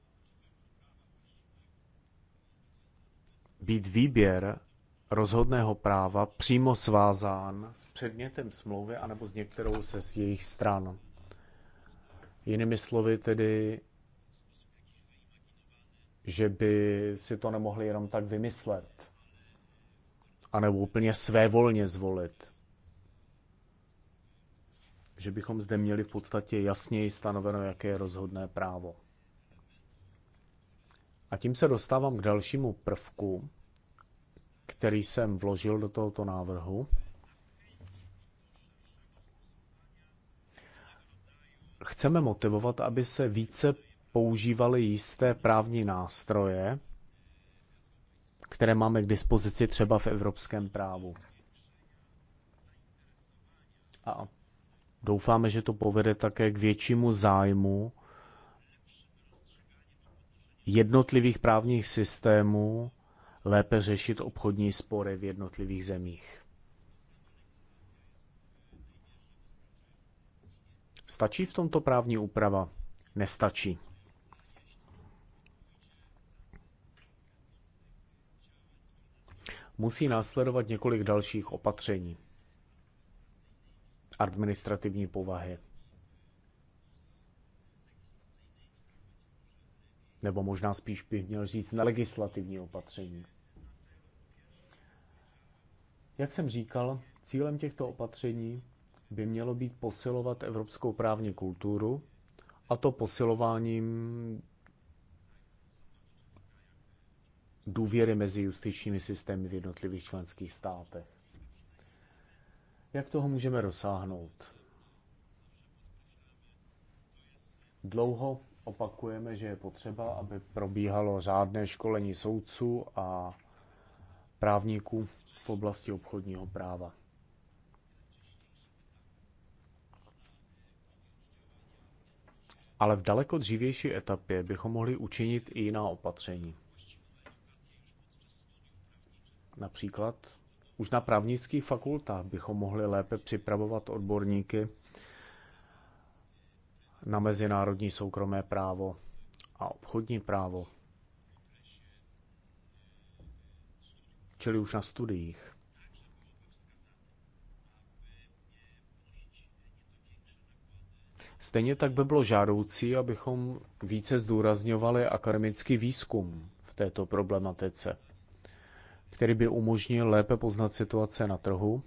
být výběr rozhodného práva přímo svázán s předmětem smlouvy anebo s některou ze z jejich stran. Jinými slovy tedy, že by si to nemohli jenom tak vymyslet, anebo úplně svévolně zvolit. Že bychom zde měli v podstatě jasněji stanoveno, jaké je rozhodné právo. A tím se dostávám k dalšímu prvku, který jsem vložil do tohoto návrhu. Chceme motivovat, aby se více používaly jisté právní nástroje, které máme k dispozici třeba v evropském právu. A doufáme, že to povede také k většímu zájmu jednotlivých právních systémů lépe řešit obchodní spory v jednotlivých zemích. Stačí v tomto právní úprava? Nestačí. Musí následovat několik dalších opatření administrativní povahy. Nebo možná spíš bych měl říct na legislativní opatření. Jak jsem říkal, cílem těchto opatření by mělo být posilovat evropskou právní kulturu, a to posilováním důvěry mezi justičními systémy v jednotlivých členských státech. Jak toho můžeme dosáhnout? Dlouho opakujeme, že je potřeba, aby probíhalo řádné školení soudců a právníků v oblasti obchodního práva. Ale v daleko dřívější etapě bychom mohli učinit i jiná opatření. Například už na právnických fakultách bychom mohli lépe připravovat odborníky na mezinárodní soukromé právo a obchodní právo. čili už na studiích. Stejně tak by bylo žádoucí, abychom více zdůrazňovali akademický výzkum v této problematice, který by umožnil lépe poznat situace na trhu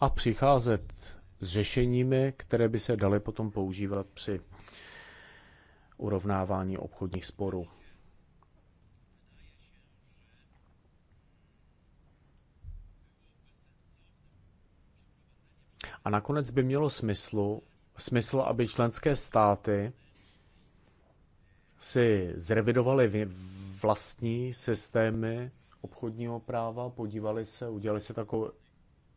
a přicházet s řešeními, které by se daly potom používat při urovnávání obchodních sporů. A nakonec by mělo smyslu, smysl, aby členské státy si zrevidovali vlastní systémy obchodního práva, podívali se, udělali se takovou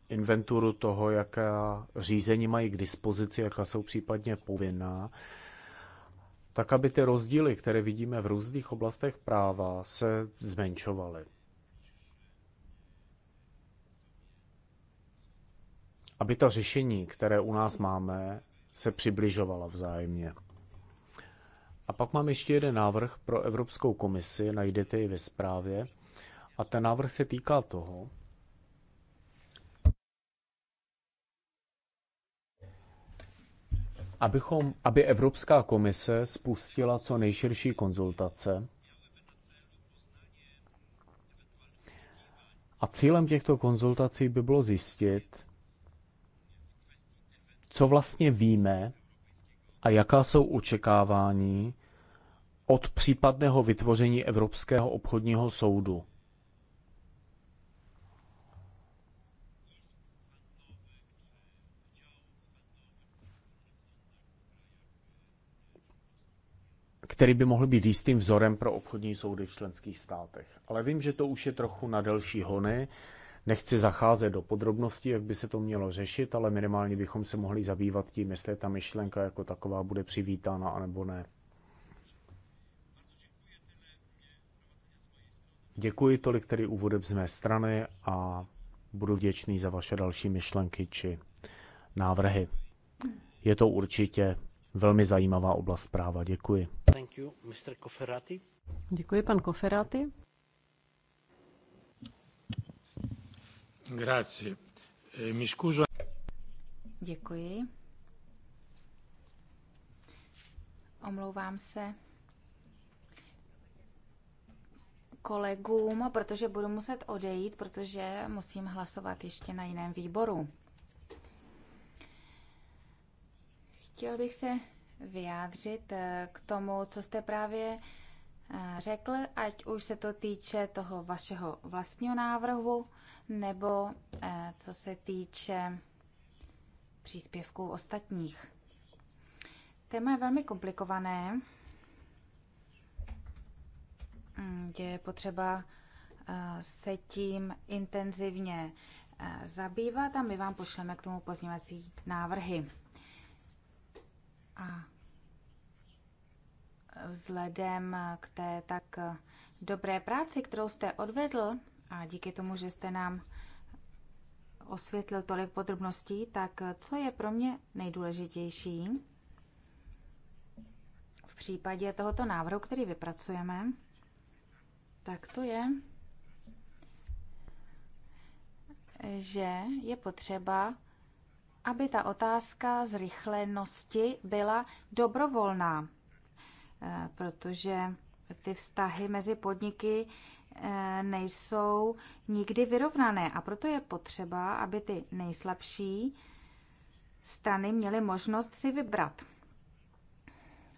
inventuru toho, jaká řízení mají k dispozici, jaká jsou případně povinná, tak aby ty rozdíly, které vidíme v různých oblastech práva, se zmenšovaly. aby ta řešení, které u nás máme, se přibližovala vzájemně. A pak mám ještě jeden návrh pro Evropskou komisi, najdete ji ve zprávě. A ten návrh se týká toho, abychom, aby Evropská komise spustila co nejširší konzultace. A cílem těchto konzultací by bylo zjistit, co vlastně víme a jaká jsou očekávání od případného vytvoření Evropského obchodního soudu. který by mohl být jistým vzorem pro obchodní soudy v členských státech. Ale vím, že to už je trochu na delší hony. Nechci zacházet do podrobností, jak by se to mělo řešit, ale minimálně bychom se mohli zabývat tím, jestli ta myšlenka jako taková bude přivítána anebo ne. Děkuji tolik tedy úvodem z mé strany a budu vděčný za vaše další myšlenky či návrhy. Je to určitě velmi zajímavá oblast práva. Děkuji. Thank you, Mr. Děkuji, pan Koferati. Grazie. Eh, mi scuso. Děkuji. Omlouvám se kolegům, protože budu muset odejít, protože musím hlasovat ještě na jiném výboru. Chtěl bych se vyjádřit eh, k tomu, co jste právě eh, řekl, ať už se to týče toho vašeho vlastního návrhu, nebo eh, co se týče příspěvků ostatních. Téma je velmi komplikované. kde mm, Je potřeba eh, se tím intenzivně eh, zabývat a my vám pošleme k tomu pozněvací návrhy. A vzhledem k té tak dobré práci, kterou jste odvedl a díky tomu, že jste nám osvětlil tolik podrobností, tak co je pro mě nejdůležitější v případě tohoto návrhu, který vypracujeme, tak to je, že je potřeba, aby ta otázka zrychlenosti byla dobrovolná, eh, protože ty vztahy mezi podniky Eh, nejsou nikdy vyrovnané a proto je potřeba, aby ty nejslabší strany měly možnost si vybrat.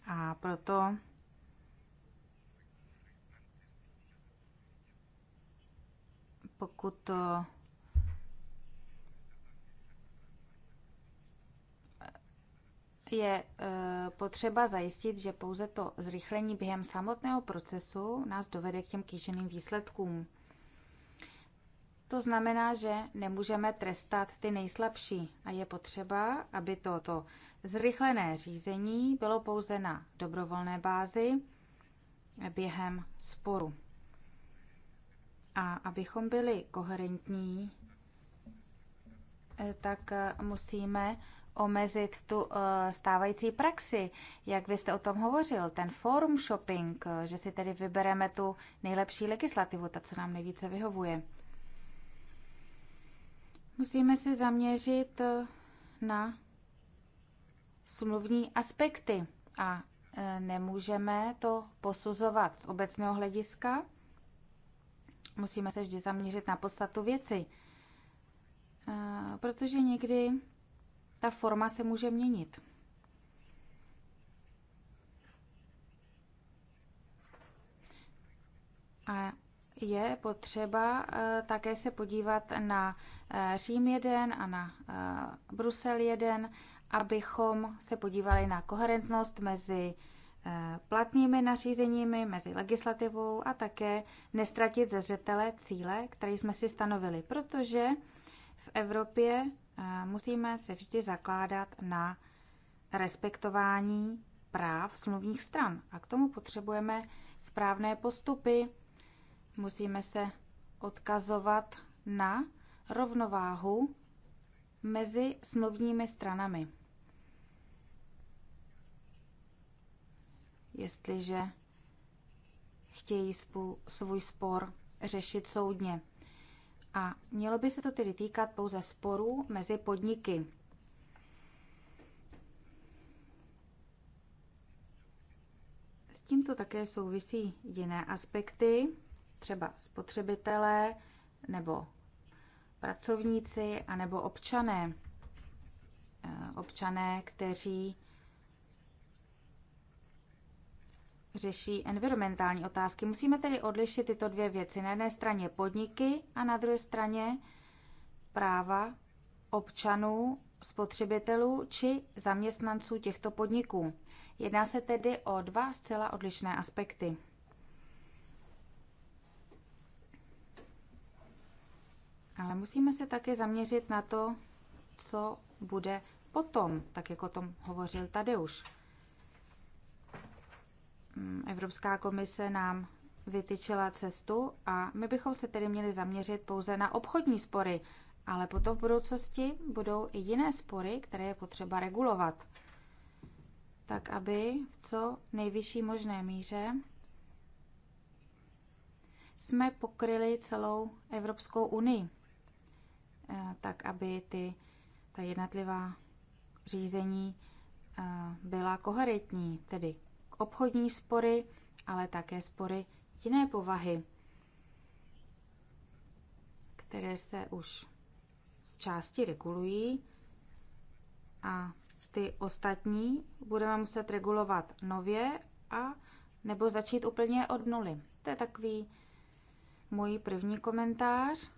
A proto pokud to je eh, potřeba zajistit, že pouze to zrychlení během samotného procesu nás dovede k těm kýženým výsledkům. To znamená, že nemůžeme trestat ty nejslabší a je potřeba, aby toto zrychlené řízení bylo pouze na dobrovolné bázi během sporu. A abychom byli koherentní, eh, tak eh, musíme omezit tu eh, stávající praxi, jak vy jste o tom hovořil, ten forum shopping, eh, že si tedy vybereme tu nejlepší legislativu, ta, co nám nejvíce vyhovuje. Musíme se zaměřit eh, na smluvní aspekty a nemůžeme to posuzovat z obecného hlediska. Musíme se vždy zaměřit na podstatu věci, protože někdy ta forma se může měnit. A je potřeba eh, také se podívat na eh, Řím 1 a na eh, Brusel 1, abychom se podívali na koherentnost mezi platnými nařízeními, mezi legislativou a také nestratit ze zřetele cíle, které jsme si stanovili, protože v Evropě musíme se vždy zakládat na respektování práv smluvních stran. A k tomu potřebujeme správné postupy, musíme se odkazovat na rovnováhu mezi smluvními stranami. Jestliže chtějí svůj spor řešit soudně. A mělo by se to tedy týkat pouze sporů mezi podniky. S tímto také souvisí jiné aspekty, třeba spotřebitelé nebo pracovníci a nebo občané. Eh, občané, kteří řeší environmentální otázky. Musíme tedy odlišit tyto dvě věci. Na jedné straně podniky a na druhé straně práva občanů, spotřebitelů či zaměstnanců těchto podniků. Jedná se tedy o dva zcela odlišné aspekty. Ale musíme se také zaměřit na to, co bude potom, tak jako o tom hovořil tady už. Mm, Evropská komise nám vytyčila cestu a my bychom se tedy měli zaměřit pouze na obchodní spory, ale potom v budoucnosti budou i jiné spory, které je potřeba regulovat, tak aby v co nejvyšší možné míře jsme pokryli celou Evropskou unii, eh, tak aby ty, ta jednotlivá řízení eh, byla koherentní, tedy obchodní spory, ale také spory jiné povahy, které se už z části regulují a ty ostatní budeme muset regulovat nově a nebo začít úplně od nuly. To je takový můj první komentář.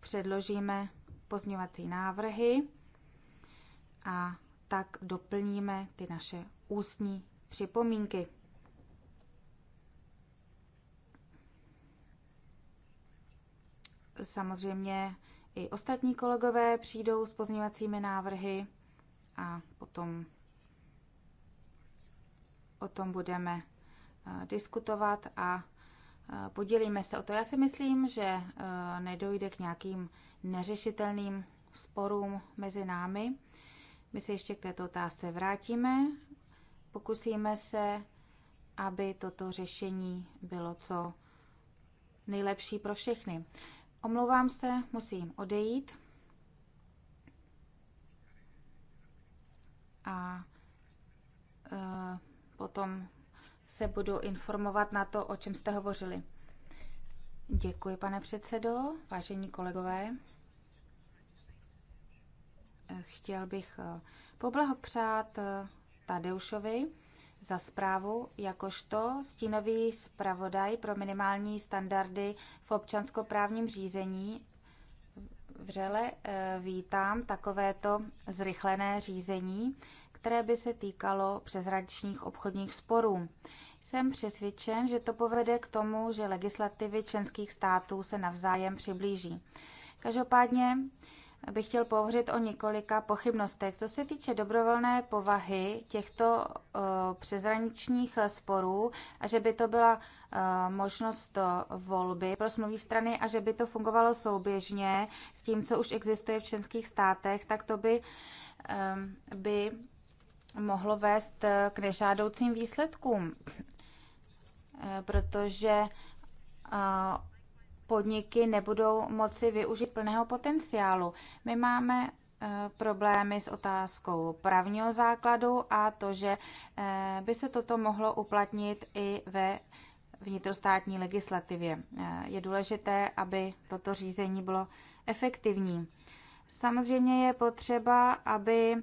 Předložíme pozměňovací návrhy a tak doplníme ty naše ústní připomínky. Samozřejmě i ostatní kolegové přijdou s pozměňovacími návrhy a potom o tom budeme eh, diskutovat a eh, podělíme se o to. Já si myslím, že eh, nedojde k nějakým neřešitelným sporům mezi námi. My se ještě k této otázce vrátíme Pokusíme se, aby toto řešení bylo co nejlepší pro všechny. Omlouvám se, musím odejít. A e, potom se budu informovat na to, o čem jste hovořili. Děkuji, pane předsedo, vážení kolegové. Chtěl bych e, poblahopřát e, Tadeušovi za zprávu jakožto stínový zpravodaj pro minimální standardy v občanskoprávním řízení. Vřele eh, vítám takovéto zrychlené řízení, které by se týkalo přezrančních obchodních sporů. Jsem přesvědčen, že to povede k tomu, že legislativy členských států se navzájem přiblíží. Každopádně bych chtěl pohovořit o několika pochybnostech. Co se týče dobrovolné povahy těchto eh, přezraničních sporů a že by to byla eh, možnost volby pro smluvní strany a že by to fungovalo souběžně s tím, co už existuje v členských státech, tak to by, eh, by mohlo vést k nežádoucím výsledkům, protože podniky nebudou moci využít plného potenciálu. My máme eh, problémy s otázkou právního základu a to, že eh, by se toto mohlo uplatnit i ve vnitrostátní legislativě. Eh, je důležité, aby toto řízení bylo efektivní. Samozřejmě je potřeba, aby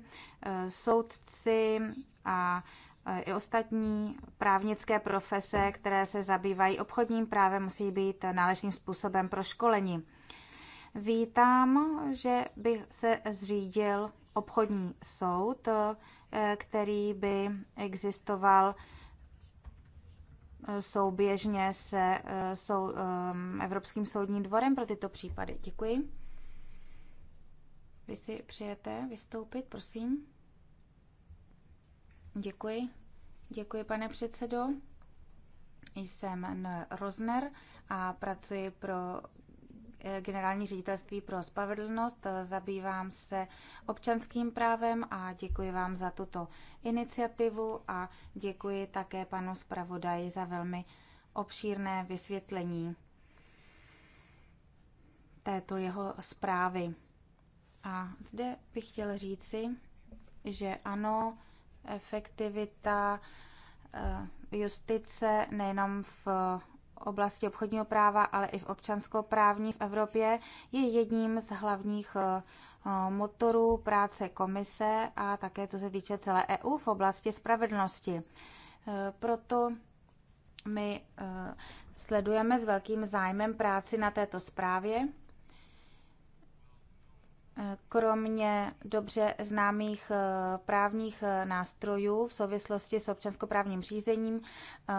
soudci a Eh, i ostatní právnické profese, které se zabývají obchodním právem, musí být náležitým způsobem pro školení. Vítám, že by se zřídil obchodní soud, eh, který by existoval eh, souběžně se sou, ehm, Evropským soudním dvorem pro tyto případy. Děkuji. Vy si přijete? vystoupit, prosím. Děkuji. Děkuji, pane předsedo. Jsem Rozner a pracuji pro eh, generální ředitelství pro spravedlnost. Zabývám se občanským právem a děkuji vám za tuto iniciativu a děkuji také panu zpravodaji za velmi obšírné vysvětlení této jeho zprávy. A zde bych chtěl říci, že ano, efektivita eh, justice nejenom v oblasti obchodního práva, ale i v občanskoprávní v Evropě je jedním z hlavních eh, eh, motorů práce komise a také co se týče celé EU v oblasti spravedlnosti. Proto my sledujeme s velkým zájmem práci na této zprávě Kromě dobře známých eh, právních eh, nástrojů v souvislosti s občanskoprávním řízením, eh,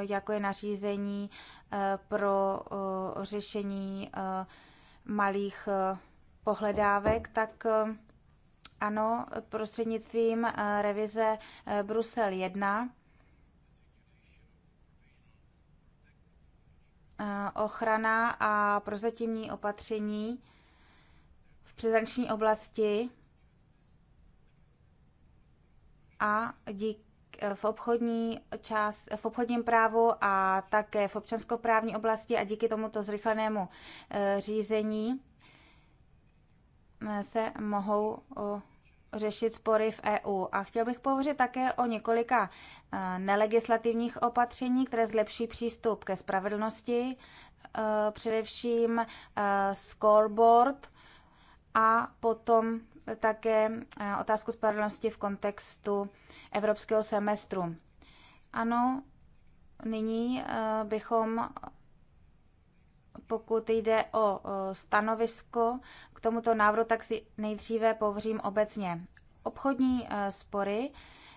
jako je nařízení pro řešení malých pohledávek, tak ano, prostřednictvím revize Brusel 1 ochrana a prozatímní opatření v oblasti a dík, v, obchodní část, v obchodním právu a také v občanskoprávní oblasti a díky tomuto zrychlenému eh, řízení eh, se mohou řešit spory v EU. A chtěl bych pohovořit také o několika eh, nelegislativních opatření, které zlepší přístup ke spravedlnosti, především scoreboard, a potom také eh, otázku spravedlnosti v kontextu evropského semestru. Ano, nyní eh, bychom, pokud jde o eh, stanovisko k tomuto návrhu, tak si nejdříve povřím obecně. Obchodní spory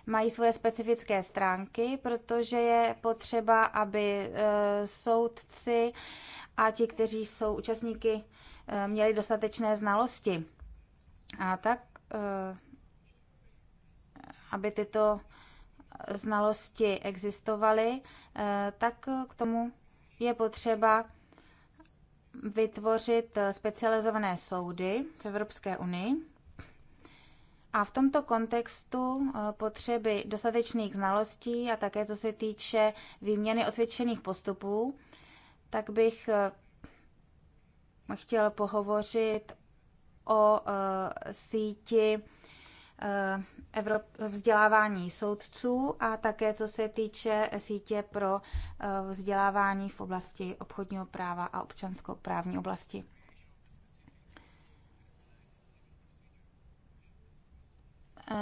mají svoje specifické stránky, protože je potřeba, aby soudci a ti, kteří jsou účastníky Eh, měli dostatečné znalosti. A tak, eh, aby tyto znalosti existovaly, eh, tak k tomu je potřeba vytvořit specializované soudy v Evropské unii. A v tomto kontextu potřeby dostatečných znalostí a také co se týče výměny osvědčených postupů, tak bych chtěl pohovořit o eh, síti eh, vzdělávání soudců a také co se týče sítě pro eh, vzdělávání v oblasti obchodního práva a občanskoprávní oblasti.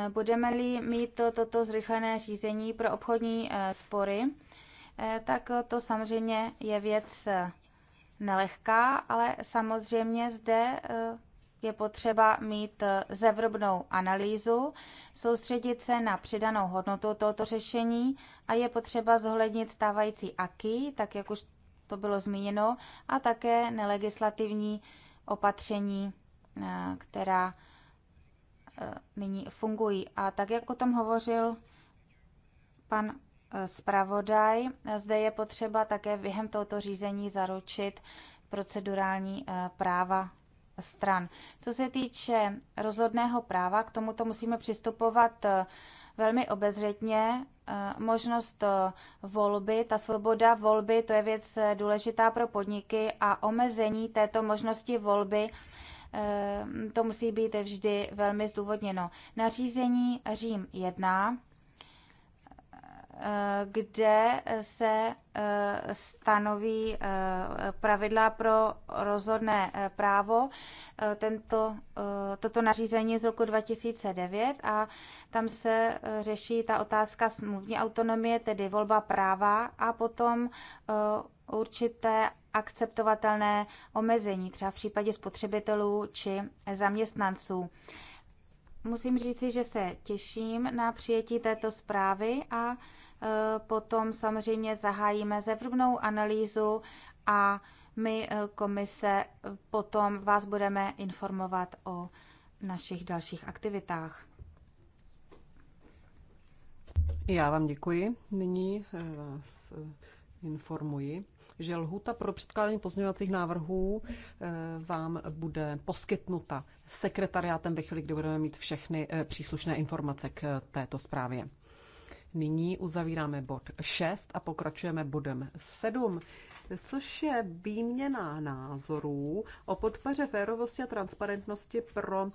Budeme-li mít to, toto zrychlené řízení pro obchodní spory, tak to samozřejmě je věc nelehká, ale samozřejmě zde e, je potřeba mít e, zevrubnou analýzu, soustředit se na přidanou hodnotu tohoto řešení a je potřeba zohlednit stávající aky, tak jak už to bylo zmíněno, a také nelegislativní opatření, e, která nyní fungují. A tak, jak o tom hovořil pan zpravodaj. Zde je potřeba také během tohoto řízení zaručit procedurální eh, práva stran. Co se týče rozhodného práva, k tomuto musíme přistupovat eh, velmi obezřetně. Eh, možnost volby, ta svoboda volby, to je věc důležitá pro podniky a omezení této možnosti volby to musí být vždy velmi zdůvodněno. Nařízení Řím 1 kde se eh, stanoví eh, pravidla pro rozhodné eh, právo. Tento, toto nařízení z roku 2009 a tam se řeší ta otázka smluvní autonomie, tedy volba práva a potom určité akceptovatelné omezení, třeba v případě spotřebitelů či zaměstnanců. Musím říci, že se těším na přijetí této zprávy a e, potom samozřejmě zahájíme zevrubnou analýzu a my e, komise potom vás budeme informovat o našich dalších aktivitách. Já vám děkuji. Nyní e, vás informuji že lhuta pro předkládání pozměňovacích návrhů eh, vám bude poskytnuta sekretariátem ve chvíli, kdy budeme mít všechny eh, příslušné informace k eh, této zprávě. Nyní uzavíráme bod 6 a pokračujeme bodem 7, což je výměna názorů o podpoře férovosti a transparentnosti pro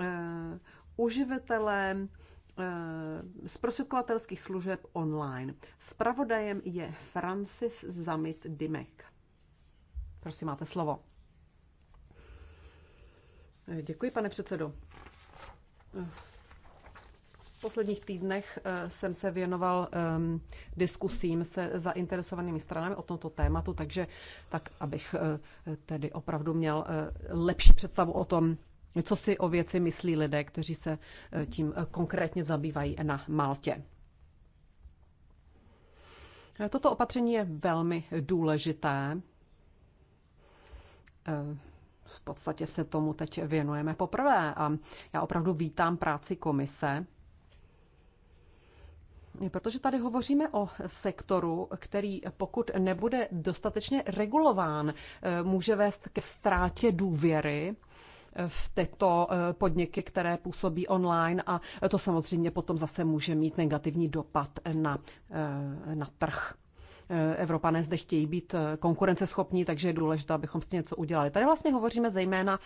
eh, uživatele Eh, zprostředkovatelských služeb online. Spravodajem je Francis Zamit Dimek. Prosím, máte slovo. Eh, děkuji, pane předsedo. V posledních týdnech eh, jsem se věnoval ehm, diskusím se zainteresovanými stranami o tomto tématu, takže tak, abych tedy opravdu měl lepší představu o tom, co si o věci myslí lidé, kteří se eh, tím eh, konkrétně zabývají na Maltě. Eh, toto opatření je velmi důležité. V podstatě se tomu teď věnujeme poprvé a já opravdu vítám práci komise, protože tady hovoříme o sektoru, který pokud nebude dostatečně regulován, může vést ke ztrátě důvěry v tyto eh, podniky, které působí online a to samozřejmě potom zase může mít negativní dopad na, eh, na trh. Eh, Evropané zde chtějí být konkurenceschopní, takže je důležité, abychom s tím něco udělali. Tady vlastně hovoříme zejména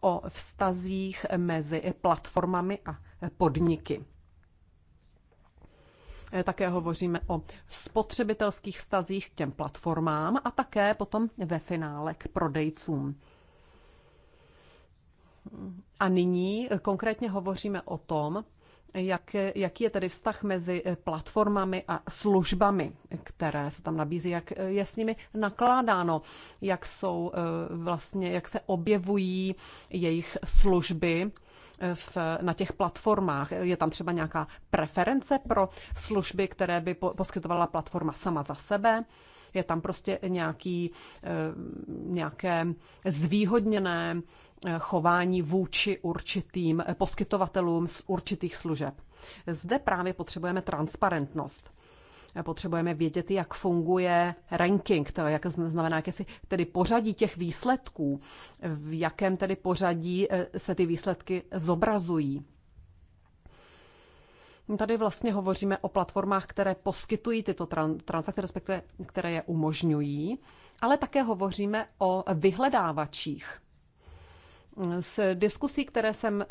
o vztazích mezi platformami a podniky. Také hovoříme o spotřebitelských vztazích k těm platformám a také potom ve finále k prodejcům. A nyní konkrétně hovoříme o tom, jak, jaký je tedy vztah mezi platformami a službami, které se tam nabízí, jak je s nimi nakládáno, jak jsou eh, vlastně, jak se objevují jejich služby eh, v, na těch platformách. Je tam třeba nějaká preference pro služby, které by poskytovala platforma sama za sebe je tam prostě nějaký, eh, nějaké zvýhodněné eh, chování vůči určitým eh, poskytovatelům z určitých služeb. Zde právě potřebujeme transparentnost potřebujeme vědět, jak funguje ranking, to jak znamená si tedy pořadí těch výsledků, v jakém tedy pořadí se ty výsledky zobrazují. Tady vlastně hovoříme o platformách, které poskytují tyto transakce, respektive které je umožňují, ale také hovoříme o vyhledávačích. Z diskusí, které jsem eh,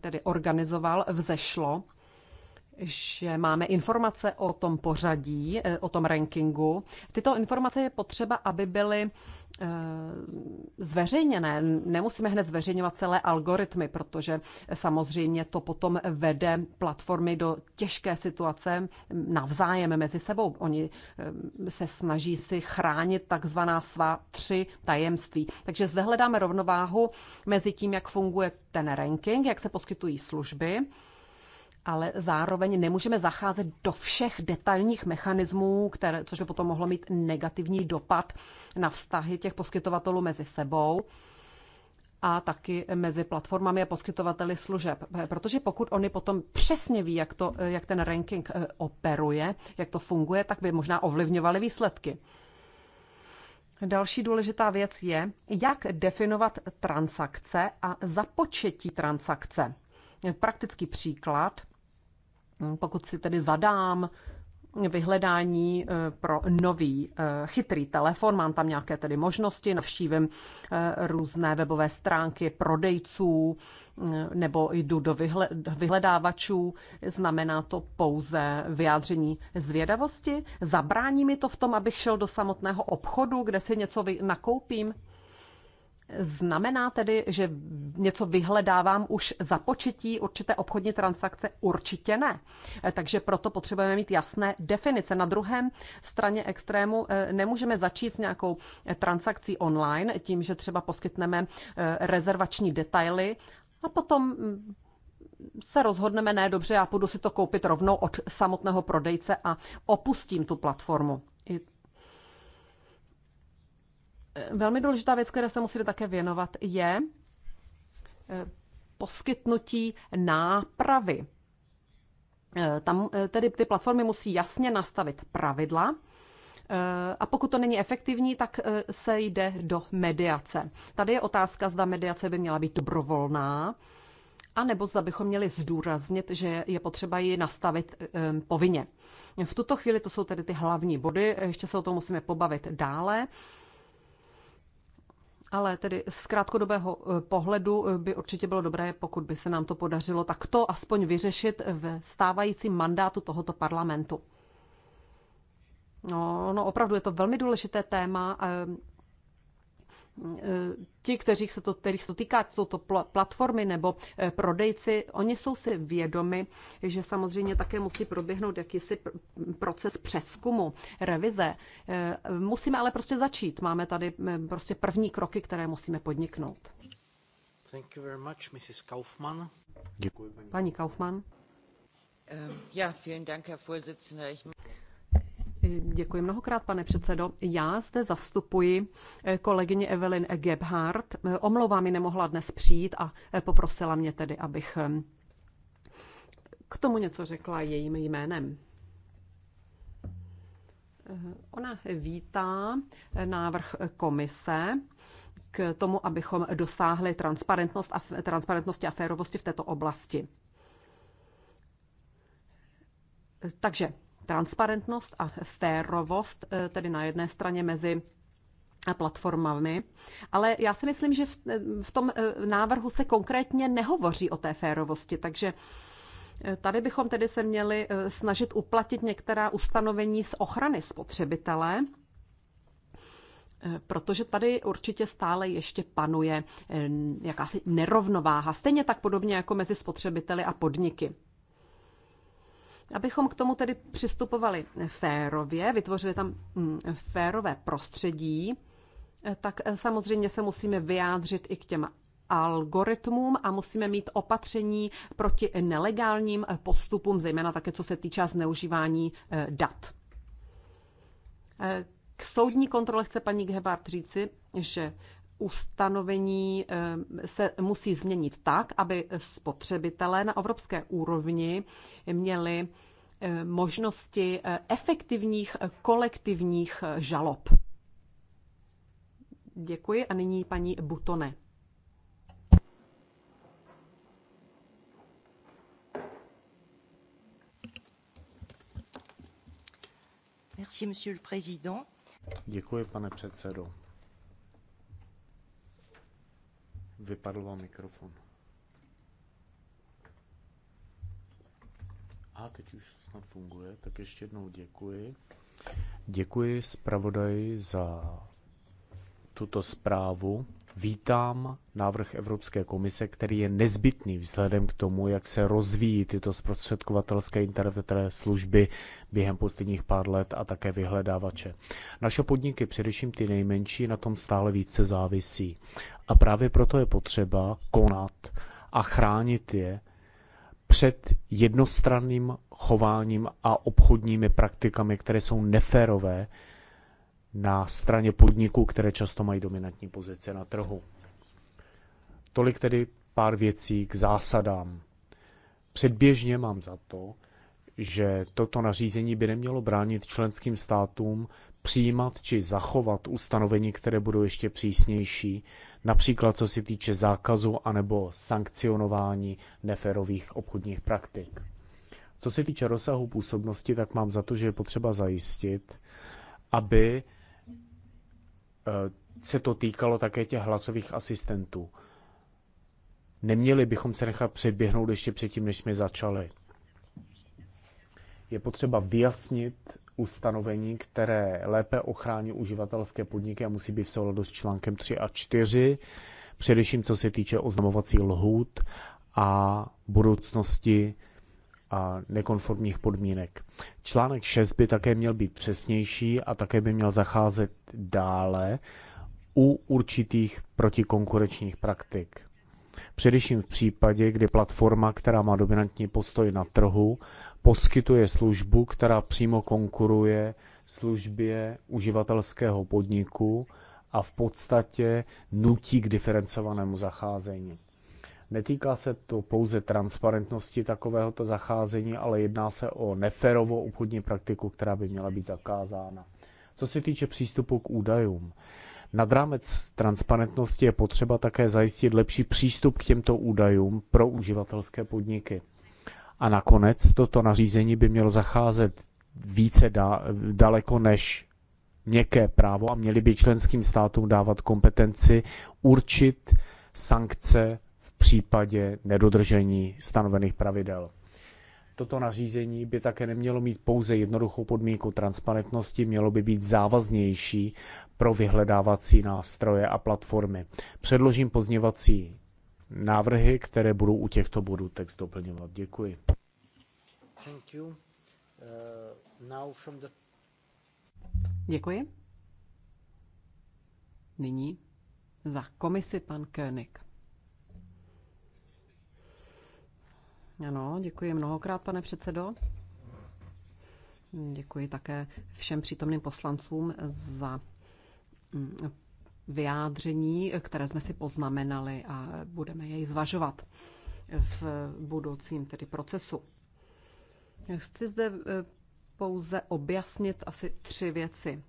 tedy organizoval, vzešlo, že máme informace o tom pořadí, eh, o tom rankingu. Tyto informace je potřeba, aby byly eh, zveřejněné. Nemusíme hned zveřejňovat celé algoritmy, protože samozřejmě to potom vede platformy do těžké situace navzájem mezi sebou. Oni eh, se snaží si chránit takzvaná svá tři tajemství. Takže zde hledáme rovnováhu mezi tím, jak funguje ten ranking, jak se poskytují služby ale zároveň nemůžeme zacházet do všech detailních mechanismů, které, což by potom mohlo mít negativní dopad na vztahy těch poskytovatelů mezi sebou a taky mezi platformami a poskytovateli služeb. Protože pokud oni potom přesně ví, jak, to, jak ten ranking eh, operuje, jak to funguje, tak by možná ovlivňovali výsledky. Další důležitá věc je, jak definovat transakce a započetí transakce. Praktický příklad. Hm, pokud si tedy zadám vyhledání eh, pro nový eh, chytrý telefon, mám tam nějaké tedy možnosti, navštívím eh, různé webové stránky prodejců hm, nebo jdu do vyhledávačů, znamená to pouze vyjádření zvědavosti? Zabrání mi to v tom, abych šel do samotného obchodu, kde si něco nakoupím? Znamená tedy, že něco vyhledávám už za početí určité obchodní transakce? Určitě ne. Takže proto potřebujeme mít jasné definice. Na druhém straně extrému eh, nemůžeme začít s nějakou eh, transakcí online, tím, že třeba poskytneme eh, rezervační detaily a potom mm, se rozhodneme, ne dobře, já půjdu si to koupit rovnou od samotného prodejce a opustím tu platformu. I Velmi důležitá věc, které se musíte také věnovat, je eh, poskytnutí nápravy. Eh, tam eh, tedy ty platformy musí jasně nastavit pravidla, a pokud to není efektivní, tak se jde do mediace. Tady je otázka, zda mediace by měla být dobrovolná, anebo zda bychom měli zdůraznit, že je potřeba ji nastavit povinně. V tuto chvíli to jsou tedy ty hlavní body, ještě se o tom musíme pobavit dále. Ale tedy z krátkodobého eh, pohledu eh, by určitě bylo dobré, pokud by se nám to podařilo takto aspoň vyřešit v stávajícím mandátu tohoto parlamentu. No, no opravdu je to velmi důležité téma eh, ti, kterých se to, kterých se to týká, jsou to pl- platformy nebo e, prodejci, oni jsou si vědomi, že samozřejmě také musí proběhnout jakýsi pr- proces přeskumu, revize. E, Musíme ale prostě začít. Máme tady eh, prostě první kroky, které musíme podniknout. Thank you very much, Mrs. Kaufmann. Děkuji, paní. Kaufmann. Uh, Ja, vielen Dank, Herr Vorsitzender. Ich... Děkuji mnohokrát, pane předsedo. Já zde zastupuji eh, kolegyně Evelyn Gebhardt. Eh, Omlouvá mi nemohla dnes přijít a eh, poprosila mě tedy, abych ehm, k tomu něco řekla jejím jménem. Ona vítá návrh komise k tomu, abychom dosáhli transparentnost a, transparentnosti a férovosti v této oblasti. Takže transparentnost a férovost, eh, tedy na jedné straně mezi platformami. Ale já si myslím, že v, eh, v tom eh, návrhu se konkrétně nehovoří o té férovosti, takže tady bychom tedy se měli snažit uplatit některá ustanovení z ochrany spotřebitele, protože tady určitě stále ještě panuje jakási nerovnováha, stejně tak podobně jako mezi spotřebiteli a podniky. Abychom k tomu tedy přistupovali férově, vytvořili tam mm, férové prostředí, eh, tak eh, samozřejmě se musíme vyjádřit i k těm algoritmům a musíme mít opatření proti nelegálním eh, postupům, zejména také co se týče zneužívání dat. K soudní kontrole chce paní Gebhardt říci, že ustanovení eh, se musí změnit tak, aby spotřebitelé na evropské úrovni měli eh, možnosti eh, efektivních kolektivních žalob. Děkuji a nyní paní Butone. Merci, monsieur le président. Děkuji, pane předsedo. Vypadl vám mikrofon. A teď už snad funguje, tak ještě jednou děkuji. Děkuji zpravodaji za tuto zprávu. Vítám návrh Evropské komise, který je nezbytný vzhledem k tomu, jak se rozvíjí tyto zprostředkovatelské internetové služby během posledních pár let a také vyhledávače. Naše podniky, především ty nejmenší, na tom stále více závisí. A právě proto je potřeba konat a chránit je před jednostranným chováním a obchodními praktikami, které jsou neférové na straně podniků, které často mají dominantní pozice na trhu. Tolik tedy pár věcí k zásadám. Předběžně mám za to, že toto nařízení by nemělo bránit členským státům přijímat či zachovat ustanovení, které budou ještě přísnější, například co se týče zákazu anebo sankcionování neférových obchodních praktik. Co se týče rozsahu působnosti, tak mám za to, že je potřeba zajistit, aby e, se to týkalo také těch hlasových asistentů. Neměli bychom se nechat předběhnout ještě předtím, než jsme začali. Je potřeba vyjasnit ustanovení, které lépe ochrání uživatelské podniky a musí být v souladu s článkem 3 a 4, především co se týče oznamovací lhůt a budoucnosti a nekonformních podmínek. Článek 6 by také měl být přesnější a také by měl zacházet dále u určitých protikonkurenčních praktik. Především v případě, kdy platforma, která má dominantní postoj na trhu, poskytuje službu, která přímo konkuruje službě uživatelského podniku a v podstatě nutí k diferencovanému zacházení. Netýká se to pouze transparentnosti takovéhoto zacházení, ale jedná se o neférovou obchodní praktiku, která by měla být zakázána. Co se týče přístupu k údajům, nad rámec transparentnosti je potřeba také zajistit lepší přístup k těmto údajům pro uživatelské podniky. A nakonec toto nařízení by mělo zacházet více da, daleko než měkké právo a měli by členským státům dávat kompetenci určit sankce v případě nedodržení stanovených pravidel. Toto nařízení by také nemělo mít pouze jednoduchou podmínku transparentnosti, mělo by být závaznější pro vyhledávací nástroje a platformy. Předložím pozněvací návrhy, které budou u těchto bodů text doplňovat. Děkuji. Thank you. Uh, now from the... Děkuji. Nyní za komisi pan König. Ano, děkuji mnohokrát, pane předsedo. Děkuji také všem přítomným poslancům za mm, vyjádření, které jsme si poznamenali a budeme jej zvažovat v budoucím tedy procesu. Chci zde eh, pouze objasnit asi tři věci.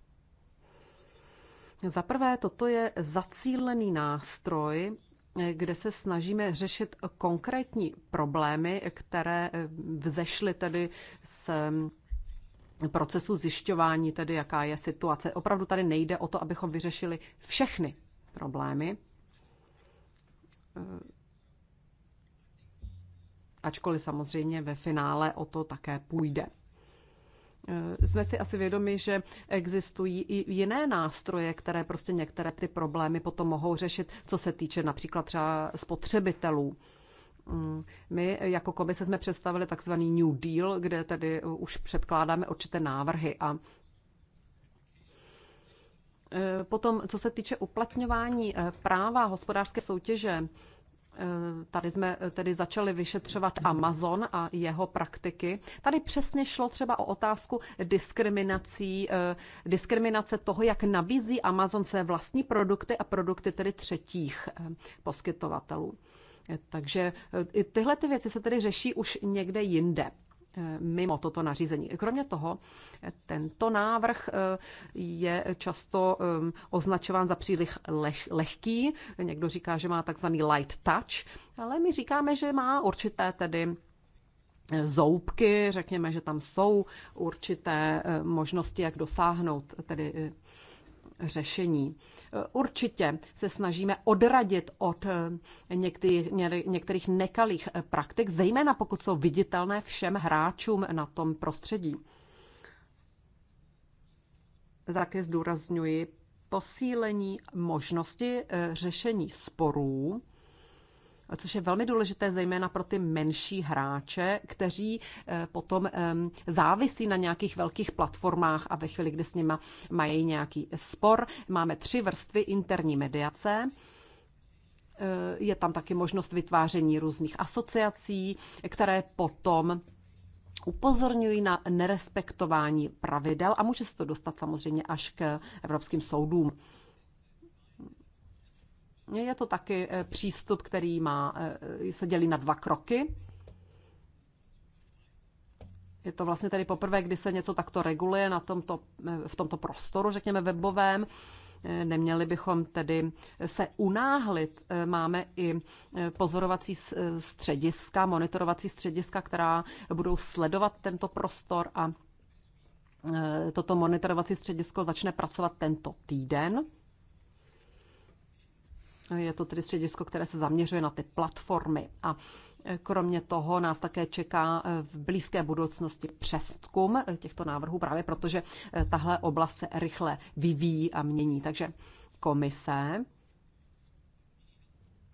Za prvé, toto je zacílený nástroj, eh, kde se snažíme řešit konkrétní problémy, které eh, vzešly tedy z procesu zjišťování, tedy jaká je situace. Opravdu tady nejde o to, abychom vyřešili všechny problémy. Eh, ačkoliv samozřejmě ve finále o to také půjde. Eh, jsme si asi vědomi, že existují i jiné nástroje, které prostě některé ty problémy potom mohou řešit, co se týče například třeba spotřebitelů. Mm, my jako komise jsme představili takzvaný New Deal, kde tedy uh, už předkládáme určité návrhy a uh, Potom, co se týče uplatňování uh, práva hospodářské soutěže, Tady jsme tedy začali vyšetřovat Amazon a jeho praktiky. Tady přesně šlo třeba o otázku diskriminací, diskriminace toho, jak nabízí Amazon své vlastní produkty a produkty tedy třetích poskytovatelů. Takže e, i tyhle ty věci se tedy řeší už někde jinde e, mimo toto nařízení. Kromě toho, e, tento návrh je často označován za příliš leh, lehký. Někdo říká, že má takzvaný light touch, ale my říkáme, že má určité tedy zoubky, řekněme, že tam jsou určité možnosti, jak dosáhnout tedy řešení. Určitě se snažíme odradit od eh, některých, nekalých eh, praktik, zejména pokud jsou viditelné všem hráčům na tom prostředí. Také zdůrazňuji posílení možnosti eh, řešení sporů což je velmi důležité zejména pro ty menší hráče, kteří eh, potom ehm, závisí na nějakých velkých platformách a ve chvíli, kdy s nimi mají nějaký spor. Máme tři vrstvy interní mediace. Eh, je tam taky možnost vytváření různých asociací, které potom upozorňují na nerespektování pravidel a může se to dostat samozřejmě až k evropským soudům. Je to taky eh, přístup, který má, eh, se dělí na dva kroky. Je to vlastně tedy poprvé, kdy se něco takto reguluje na tomto, eh, v tomto prostoru, řekněme webovém. Neměli bychom tedy se unáhlit. Máme i pozorovací střediska, monitorovací střediska, která budou sledovat tento prostor a toto monitorovací středisko začne pracovat tento týden. Je to tedy středisko, které se zaměřuje na ty platformy. A e, kromě toho nás také čeká e, v blízké budoucnosti přestkum e, těchto návrhů, právě protože tahle oblast se rychle vyvíjí a mění. Takže komise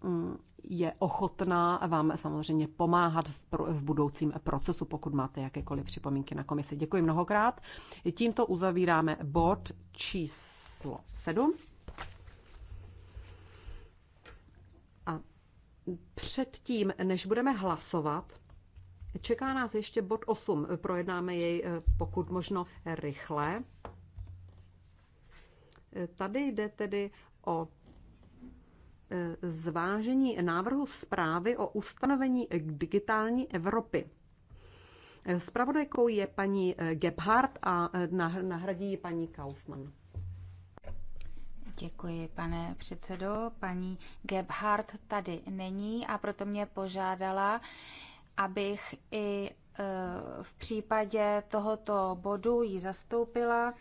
mm, je ochotná vám samozřejmě pomáhat v, pro, v budoucím procesu, pokud máte jakékoliv připomínky na komisi. Děkuji mnohokrát. Tímto uzavíráme bod číslo 7. Předtím, než budeme hlasovat, čeká nás ještě bod 8. Projednáme jej eh, pokud možno rychle. Eh, tady jde tedy o eh, zvážení návrhu zprávy o ustanovení digitální Evropy. Spravodajkou je paní Gebhardt a nahradí ji paní Kaufmann. Děkuji, pane předsedo. Paní Gebhardt tady není a proto mě požádala, abych i e, v případě tohoto bodu ji zastoupila.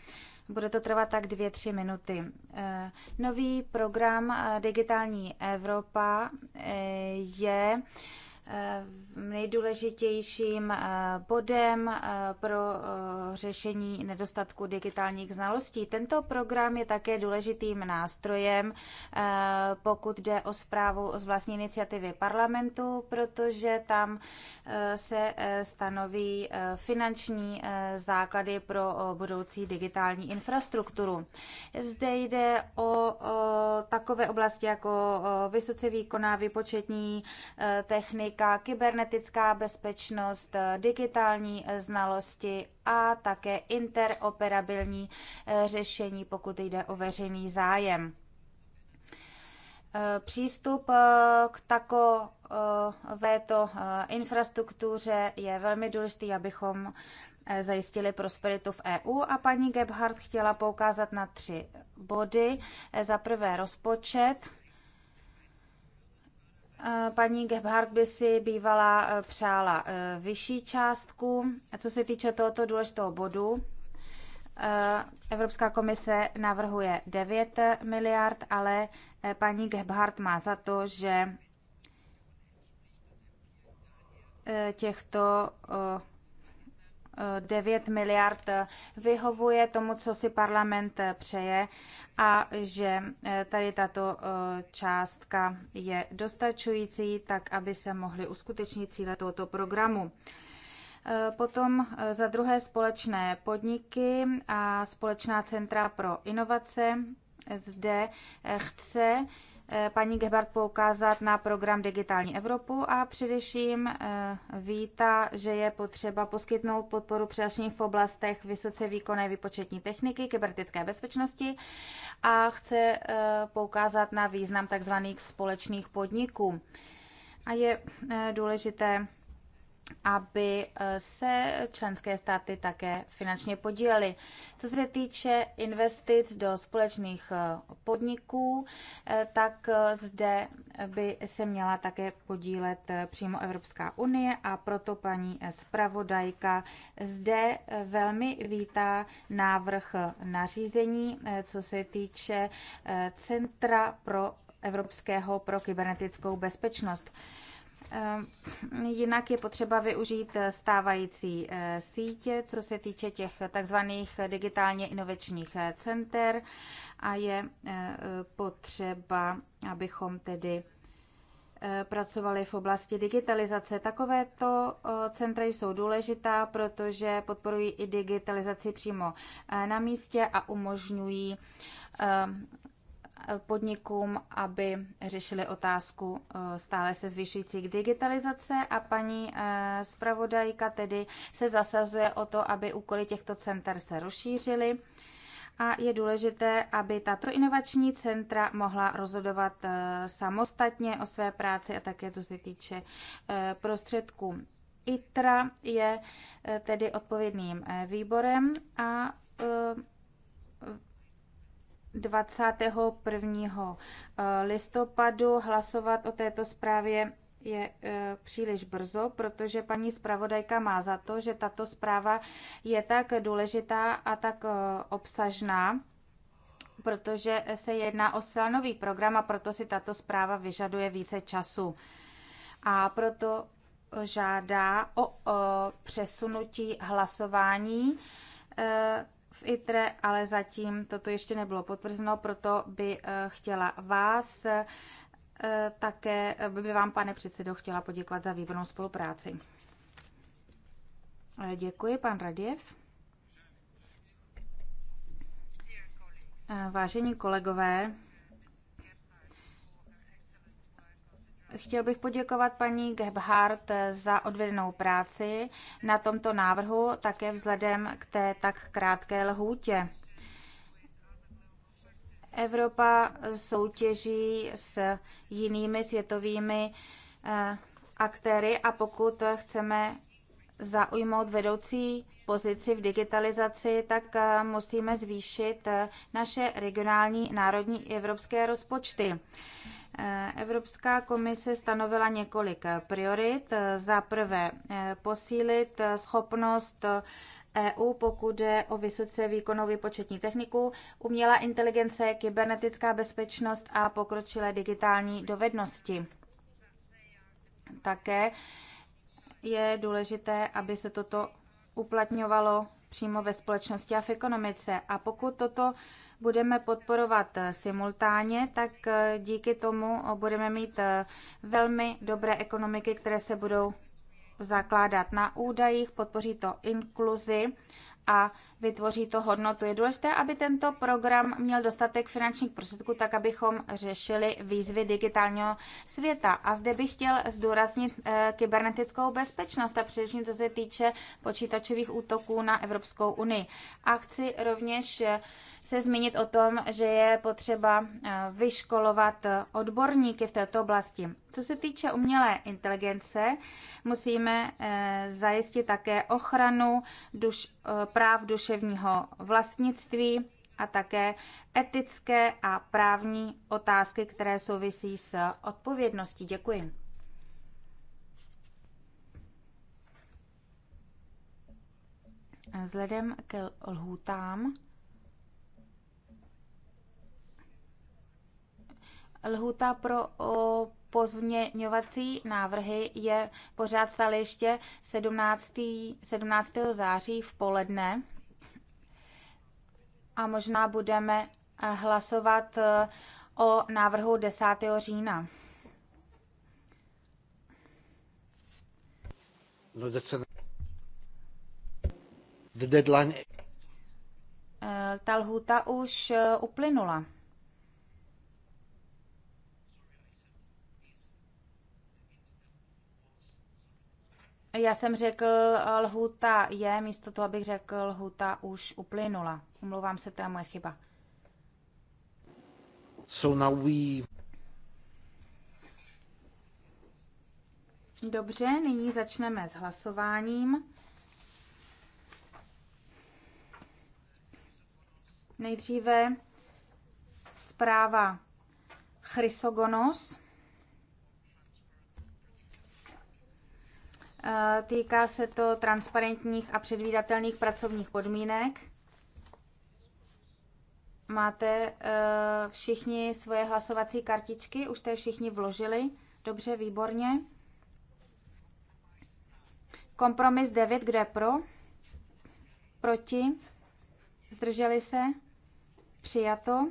Bude to trvat tak dvě, tři minuty. E, nový program e, Digitální Evropa je Eh, nejdůležitějším eh, bodem eh, pro řešení nedostatku digitálních znalostí. Tento program je také důležitým nástrojem, pokud jde o zprávu z vlastní iniciativy parlamentu, protože tam se stanoví finanční základy pro budoucí digitální infrastrukturu. Zde jde o takové oblasti jako vysoce výkonná výpočetní technika ekonomika, kybernetická bezpečnost, eh, digitální eh, znalosti a také interoperabilní eh, řešení, pokud jde o veřejný zájem. Přístup k takovéto infrastruktuře je velmi důležitý, abychom zajistili prosperitu v EU a paní Gebhardt chtěla poukázat na tři body. Za prvé rozpočet, Eh, paní Gebhardt by si bývala eh, přála eh, vyšší částku. Co se týče tohoto důležitého bodu, Evropská komise navrhuje 9 miliard, ale paní Gebhardt má za to, že těchto 9 miliard vyhovuje tomu, co si parlament přeje a že eh, tady tato eh, částka je dostačující, tak aby se mohly uskutečnit cíle tohoto programu. Eh, potom za druhé společné podniky a společná centra pro inovace. Zde chce Eh, paní Gebhardt poukázat na program Digitální Evropu a především eh, vítá, že je potřeba poskytnout podporu především v oblastech vysoce výkonné výpočetní techniky, kybernetické bezpečnosti a chce eh, poukázat na význam tzv. společných podniků. A je důležité aby eh, se členské státy také finančně podílely. Co se týče investic do společných eh, podniků, eh, tak zde by se měla také podílet přímo Evropská unie a proto paní zpravodajka zde velmi vítá návrh nařízení, co se týče Centra pro evropského pro kybernetickou bezpečnost. Ehm, jinak je potřeba využít eh, stávající eh, sítě, co se týče těch takzvaných digitálně inovačních eh, center a je potřeba, abychom tedy pracovali v oblasti digitalizace. Takovéto centra jsou důležitá, protože podporují i digitalizaci přímo na místě a umožňují ehm, podnikům, aby řešili otázku eh, stále se zvyšující digitalizace a paní eh, zpravodajka tedy se zasazuje o to, aby úkoly těchto center se rozšířily a je důležité, aby tato inovační centra mohla rozhodovat eh, samostatně o své práci a také co se týče prostředků. ITRA je tedy odpovědným výborem a 21. Eh, listopadu. Hlasovat o této zprávě je e, příliš brzo, protože paní zpravodajka má za to, že tato zpráva je tak důležitá a tak e, obsažná, protože se jedná o silnový program a proto si tato zpráva vyžaduje více času. A proto žádá o, o přesunutí hlasování. E, v ITRE, ale zatím toto ještě nebylo potvrzeno, proto by eh, chtěla vás eh, také, eh, by vám, pane předsedo, chtěla poděkovat za výbornou spolupráci. Děkuji, pan Raděv. Vážení kolegové, Chtěl bych poděkovat paní Gebhardt za odvedenou práci na tomto návrhu, také vzhledem k té tak krátké lhůtě. Evropa soutěží s jinými světovými eh, aktéry a pokud chceme zaujmout vedoucí pozici v digitalizaci, tak eh, musíme zvýšit eh, naše regionální, národní i evropské rozpočty. Evropská komise stanovila několik priorit. Za prvé eh, posílit schopnost EU, pokud jde o vysoce výkonnou výpočetní techniku, umělá inteligence, kybernetická bezpečnost a pokročilé digitální dovednosti. Také je důležité, aby se toto uplatňovalo přímo ve společnosti a v ekonomice. A pokud toto budeme podporovat eh, simultánně, tak eh, díky tomu eh, budeme mít velmi dobré ekonomiky, které se budou zakládat na údajích, podpoří to inkluzi a vytvoří to hodnotu. Je důležité, aby tento program měl dostatek finančních prostředků, tak abychom řešili výzvy digitálního světa. A zde bych chtěl zdůraznit e, kybernetickou bezpečnost a především co se týče počítačových útoků na Evropskou unii. A chci rovněž eh, se zmínit o tom, že je potřeba eh, vyškolovat odborníky v této oblasti. Co se týče umělé inteligence, musíme eh, zajistit také ochranu duš, eh, práv duševního vlastnictví a také etické a právní otázky, které souvisí s odpovědností. Děkuji. Vzhledem k lhůtám, lhůta pro o pozměňovací návrhy je pořád stále ještě 17. 17. září v poledne a možná budeme eh, hlasovat eh, o návrhu 10. října. No, The deadline. Eh, ta lhůta už uplynula. Já jsem řekl, eh, lhuta je, místo toho, abych řekl, lhuta už uplynula. Umlouvám se, to je moje chyba. So now we... Dobře, nyní začneme s hlasováním. Nejdříve zpráva Chrysogonos. Eh, týká se to transparentních a předvídatelných pracovních podmínek. Máte eh, všichni svoje hlasovací kartičky, už jste všichni vložili. Dobře, výborně. Kompromis 9, kdo je pro? Proti? Zdrželi se? Přijato.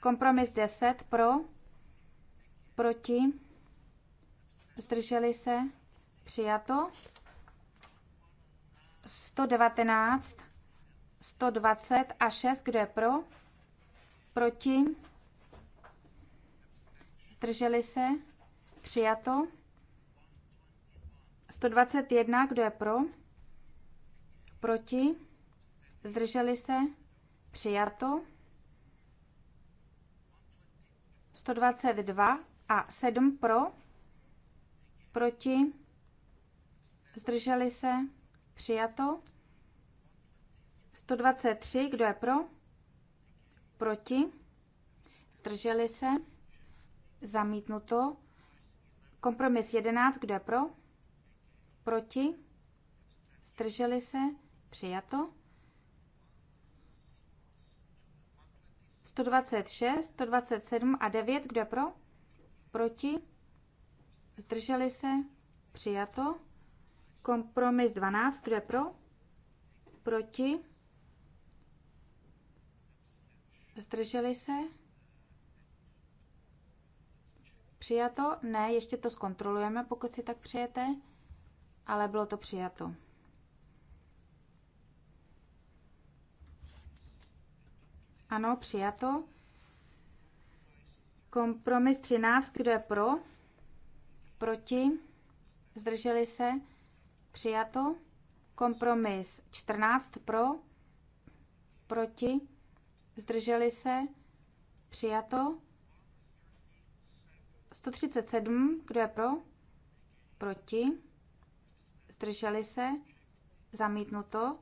Kompromis 10, pro? Proti? zdrželi se, přijato. 119, 120 a 6, kdo je pro, proti, zdrželi se, přijato. 121, kdo je pro, proti, zdrželi se, přijato. 122 a 7 pro, proti, zdrželi se, přijato. 123, kdo je pro, proti, zdrželi se, zamítnuto. Kompromis 11, kdo je pro, proti, zdrželi se, přijato. 126, 127 a 9, kdo je pro, proti, Zdrželi se? Přijato. Kompromis 12. Kdo je pro? Proti? Zdrželi se? Přijato? Ne, ještě to zkontrolujeme, pokud si tak přejete, ale bylo to přijato. Ano, přijato. Kompromis 13, kdo je pro? proti, zdrželi se, přijato. Kompromis 14 pro, proti, zdrželi se, přijato. 137, kdo je pro? Proti, zdrželi se, zamítnuto.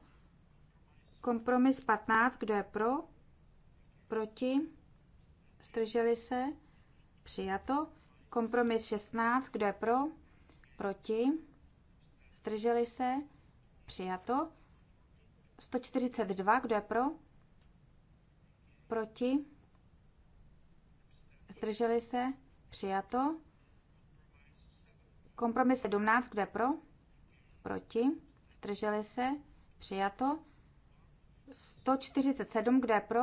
Kompromis 15, kdo je pro? Proti, zdrželi se, přijato. Kompromis 16, kdo je pro? Proti? Zdrželi se? Přijato. 142, kdo je pro? Proti? Zdrželi se? Přijato. Kompromis 17, kdo je pro? Proti? Zdrželi se? Přijato. 147, kdo je pro?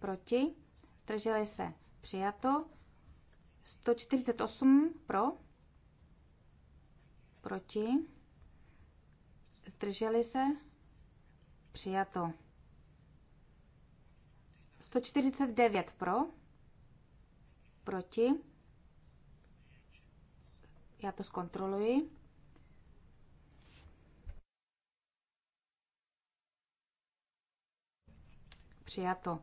Proti? Zdrželi se? Přijato. 148 pro, proti, zdrželi se, přijato. 149 pro, proti, já to zkontroluji. Přijato.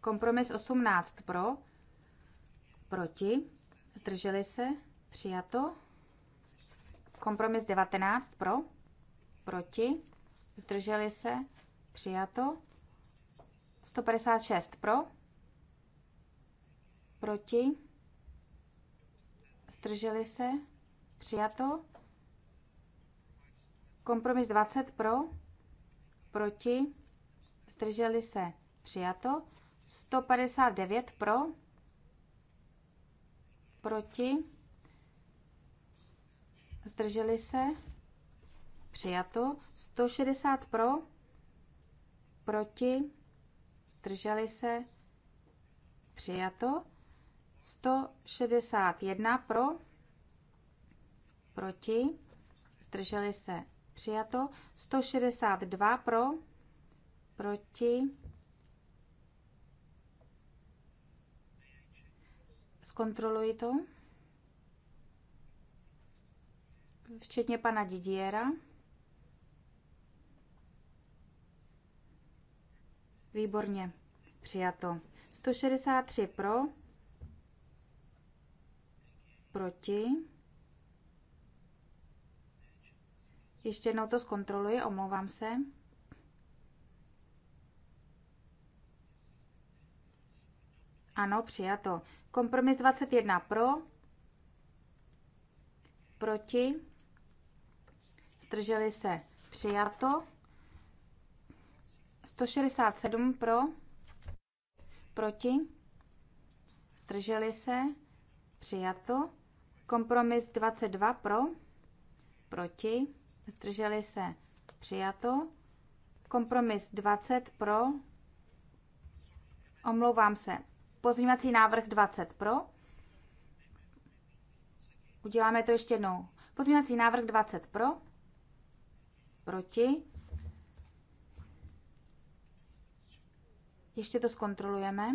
Kompromis 18 pro, proti, zdrželi se, přijato. Kompromis 19 pro, proti, zdrželi se, přijato. 156 pro, proti, zdrželi se, přijato. Kompromis 20 pro, proti, zdrželi se, přijato. 159 pro, proti, zdrželi se, přijato, 160 pro, proti, zdrželi se, přijato, 161 pro, proti, zdrželi se, přijato, 162 pro, proti, Zkontroluji to. Včetně pana Didiera. Výborně, přijato. 163 pro, proti. Ještě jednou to zkontroluji, omlouvám se. Ano, přijato. Kompromis 21 pro, proti, zdrželi se, přijato. 167 pro, proti, zdrželi se, přijato. Kompromis 22 pro, proti, zdrželi se, přijato. Kompromis 20 pro, omlouvám se, Pozměňovací návrh 20 pro. Uděláme to ještě jednou. Pozměňovací návrh 20 pro. Proti. Ještě to zkontrolujeme.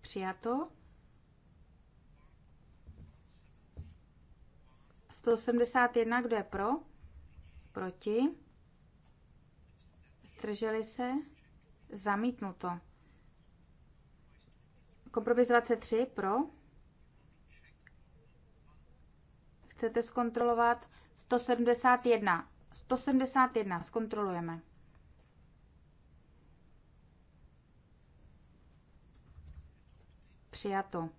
Přijato. 181, kdo je pro? Proti? Zdrželi se? Zamítnuto. Kompromis 23 pro. Chcete zkontrolovat 171. 171 zkontrolujeme. Přijato.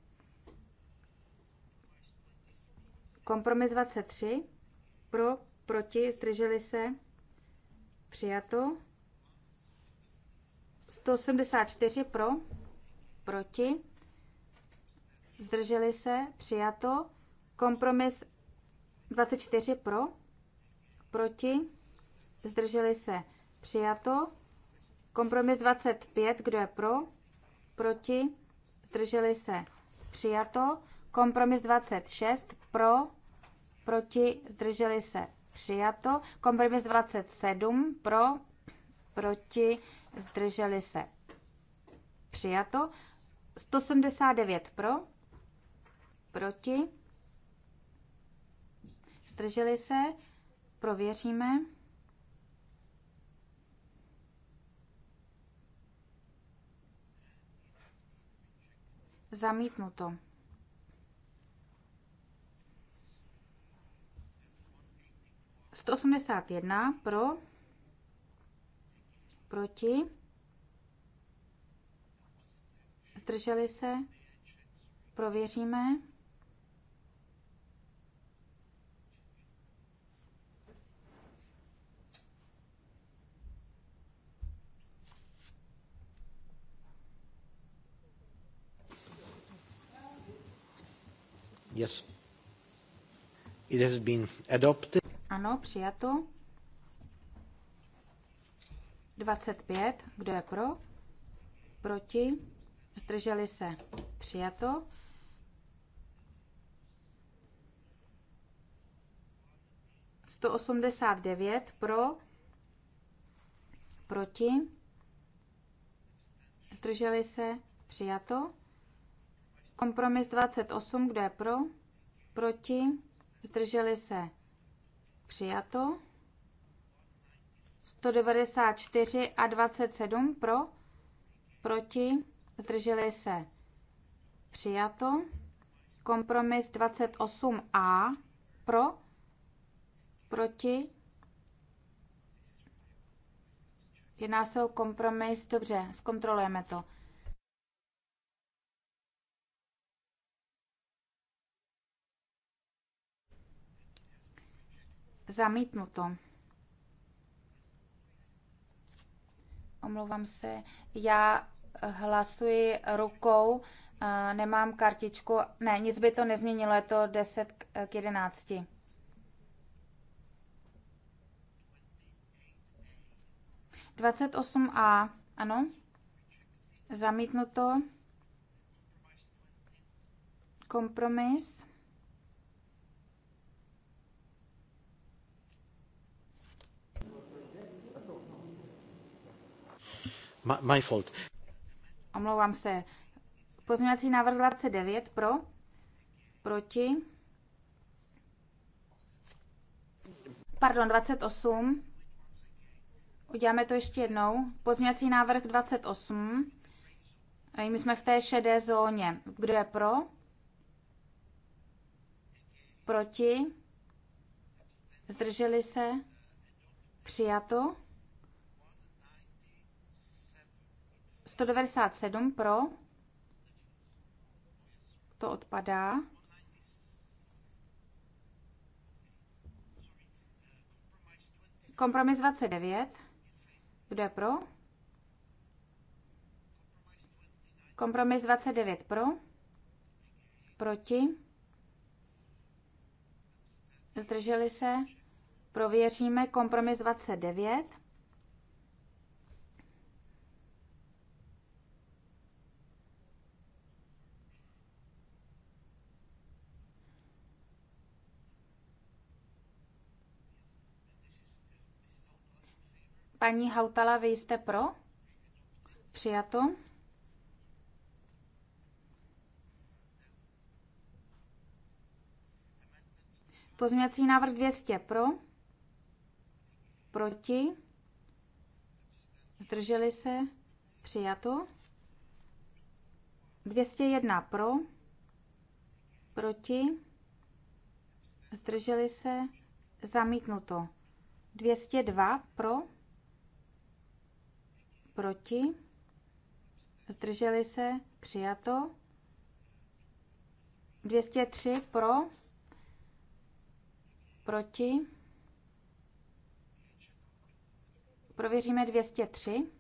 Kompromis 23. Pro, proti, zdrželi se. Přijato. 184 pro, proti, zdrželi se, přijato. Kompromis 24 pro, proti, zdrželi se, přijato. Kompromis 25, kdo je pro, proti, zdrželi se, přijato. Kompromis 26 pro, proti, zdrželi se přijato. Kompromis 27 pro, proti, zdrželi se přijato. 179 pro, proti, zdrželi se, prověříme. Zamítnuto. 181 pro, proti, zdrželi se, prověříme. Yes. It has been adopted. Ano, přijato. 25. Kdo je pro? Proti? Zdrželi se? Přijato. Sto osmdesát devět pro, proti, zdrželi se, přijato. Kompromis 28, kdo je pro, proti, zdrželi se, Přijato. 194 a 27 pro, proti, zdrželi se. Přijato. Kompromis 28a pro, proti. Jedná se o kompromis, dobře, zkontrolujeme to. Zamítnuto. Omlouvám se, já eh, hlasuji rukou, eh, nemám kartičku. Ne, nic by to nezměnilo, je to 10 k 11. Eh, Dvacet osm A, ano, zamítnuto, kompromis. My, fault. Omlouvám se. Pozměňovací návrh 29 pro, proti. Pardon, 28. Uděláme to ještě jednou. Pozměňovací návrh 28. My jsme v té šedé zóně. Kdo je pro? Proti? Zdrželi se? Přijato? 197 pro, to odpadá. Kompromis 29. Kdo je pro? Kompromis 29 pro. Proti. Zdrželi se. Prověříme kompromis 29. Paní Hautala, vy jste pro? Přijato. Pozměňovací návrh 200 pro, proti, zdrželi se, přijato. 201 pro, proti, zdrželi se, zamítnuto. 202 pro, proti, zdrželi se, přijato. 203 pro, proti, prověříme 203.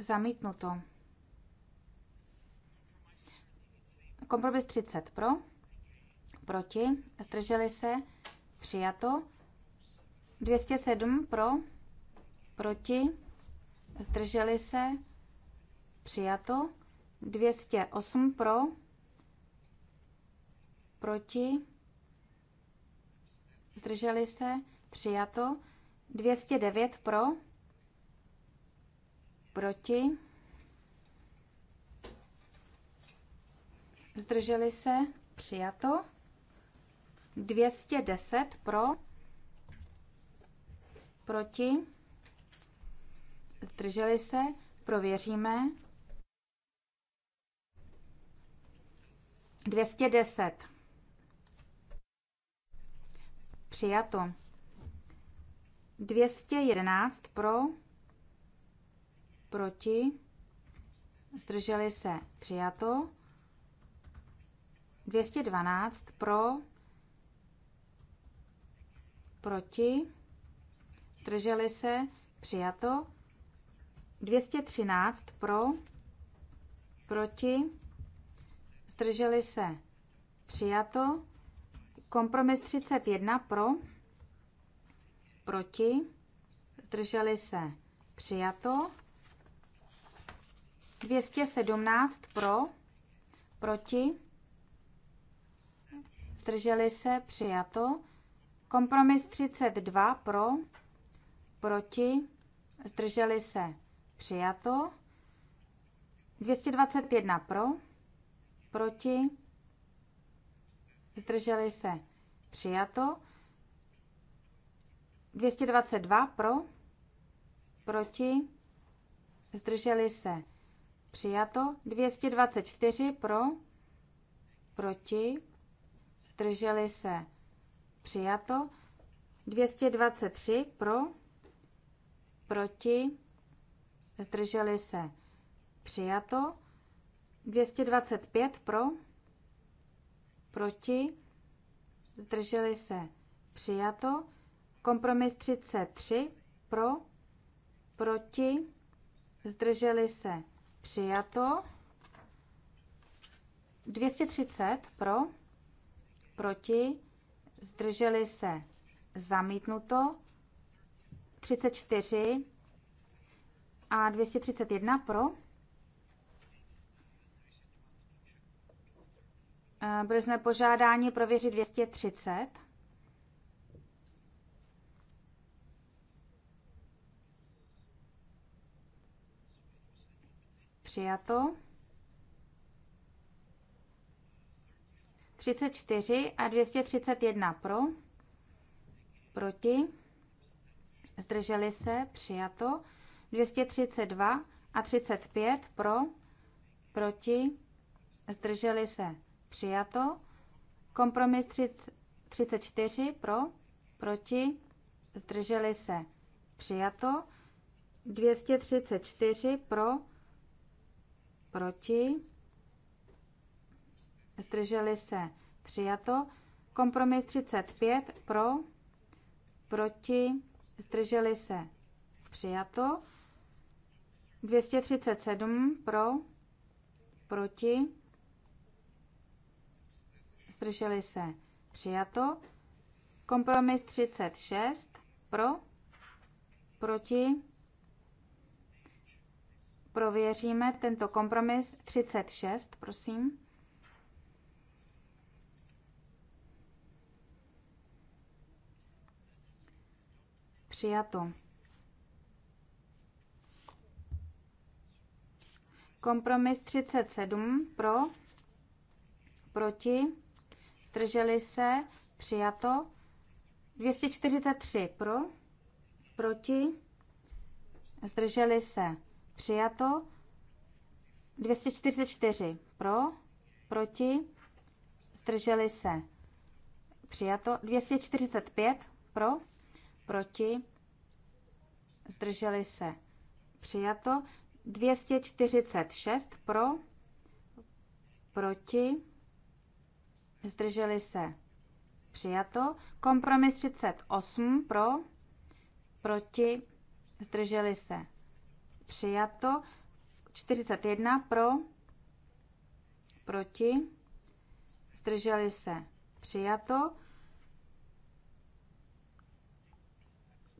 Zamítnuto. Kompromis 30 pro proti, zdrželi se, přijato. 207 pro, proti, zdrželi se, přijato. 208 pro, proti, zdrželi se, přijato. 209 pro, proti, zdrželi se, přijato. 210 pro, proti, zdrželi se, prověříme. 210. Přijato. 211 pro, proti, zdrželi se, přijato. 212 pro, proti, zdrželi se, přijato. 213 pro, proti, zdrželi se, přijato. Kompromis 31 pro, proti, zdrželi se, přijato. 217 pro, proti, zdrželi se, přijato. Kompromis 32 pro, proti, zdrželi se, přijato. 221 pro, proti, zdrželi se, přijato. 222 pro, proti, zdrželi se, přijato. 224 pro, proti, zdrželi se, přijato. 223 pro, proti, zdrželi se, přijato. 225 pro, proti, zdrželi se, přijato. Kompromis 33 pro, proti, zdrželi se, přijato. 230 pro, proti, zdrželi se zamítnuto, 34 a 231 pro. Eh, byli jsme požádáni prověřit 230. Přijato. 34 a 231 pro, proti, zdrželi se, přijato, 232 a 35 pro, proti, zdrželi se, přijato, kompromis 34 pro, proti, zdrželi se, přijato, 234 pro, proti, zdrželi se přijato. Kompromis 35 pro, proti, zdrželi se přijato. 237 pro, proti, zdrželi se přijato. Kompromis 36 pro, proti, prověříme tento kompromis 36, prosím. Přijato. Kompromis 37 pro, proti, zdrželi se, přijato. 243 pro, proti, zdrželi se, přijato. 244 pro, proti, zdrželi se, přijato. 245 pro, proti, zdrželi se přijato, 246 pro, proti, zdrželi se přijato, kompromis 38 pro, proti, zdrželi se přijato, 41 pro, proti, zdrželi se přijato,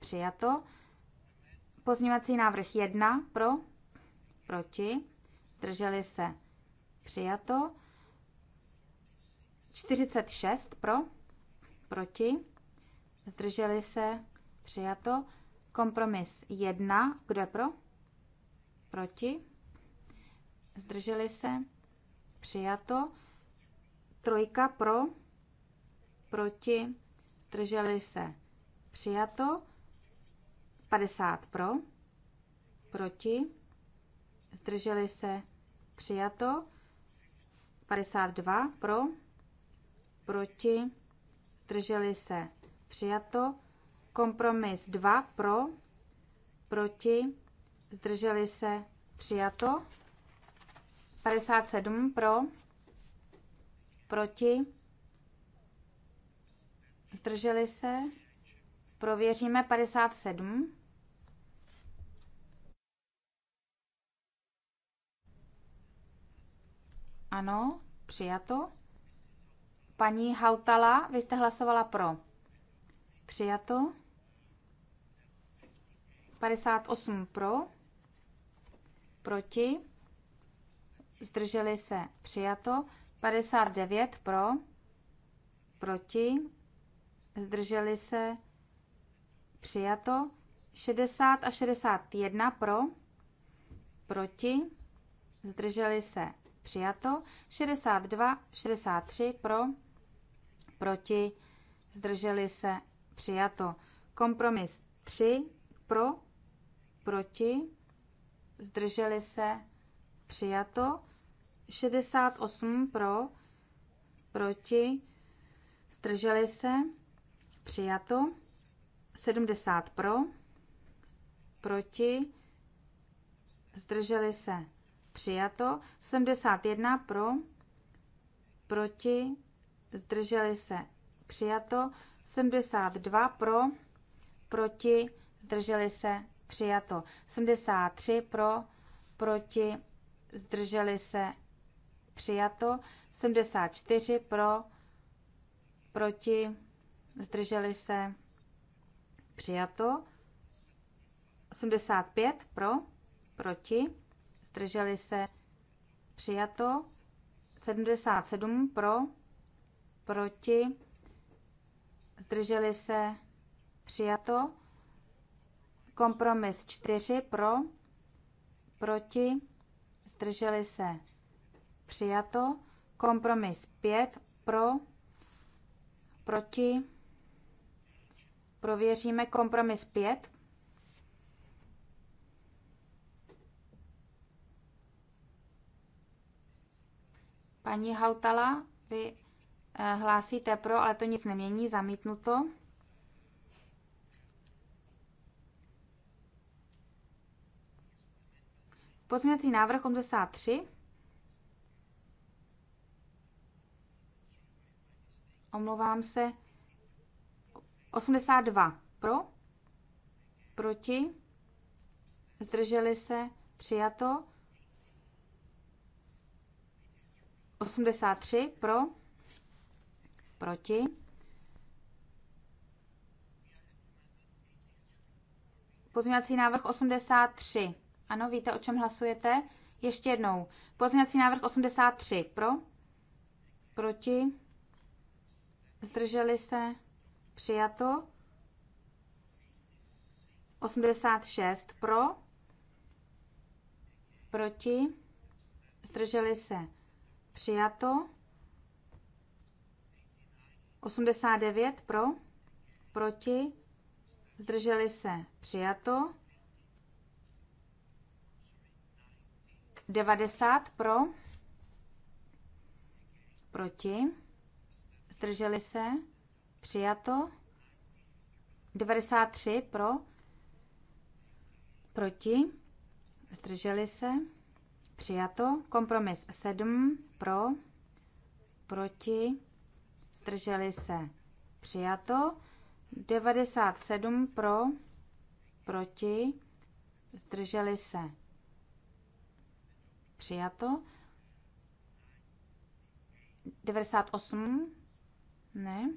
přijato. Pozměňovací návrh 1 pro, proti, zdrželi se, přijato. 46 pro, proti, zdrželi se, přijato. Kompromis 1, kdo je pro, proti, zdrželi se, přijato. Trojka pro, proti, zdrželi se, přijato. 50 pro, proti, zdrželi se, přijato. 52 pro, proti, zdrželi se, přijato. Kompromis 2 pro, proti, zdrželi se, přijato. 57 pro, proti, zdrželi se, prověříme 57. Ano, přijato. Paní Hautala, vy jste hlasovala pro. Přijato. 58 pro. Proti. Zdrželi se. Přijato. 59 pro. Proti. Zdrželi se. Přijato. 60 a 61 pro. Proti. Zdrželi se přijato. 62, 63 pro, proti, zdrželi se, přijato. Kompromis 3 pro, proti, zdrželi se, přijato. 68 pro, proti, zdrželi se, přijato. 70 pro, proti, zdrželi se, přijato. 71 pro, proti, zdrželi se, přijato. 72 pro, proti, zdrželi se, přijato. 73 pro, proti, zdrželi se, přijato. 74 pro, proti, zdrželi se, přijato. 75 pro, proti, zdrželi se, přijato. 77 pro, proti, zdrželi se, přijato. Kompromis 4 pro, proti, zdrželi se, přijato. Kompromis 5 pro, proti, prověříme kompromis 5. Paní Hautala, vy eh, hlásíte pro, ale to nic nemění, zamítnuto. Pozměňovací návrh 83. Omlouvám se. 82 pro, proti, zdrželi se, přijato. 83 pro, proti. Pozměňovací návrh 83. Ano, víte, o čem hlasujete? Ještě jednou. Pozměňovací návrh 83 pro, proti, zdrželi se, přijato. 86 pro, proti, zdrželi se, Přijato. 89 pro, proti, zdrželi se, přijato. 90 pro, proti, zdrželi se, přijato. 93 pro, proti, zdrželi se, přijato. Kompromis 7 pro, proti, zdrželi se přijato, 97 pro, proti, zdrželi se přijato, 98 ne,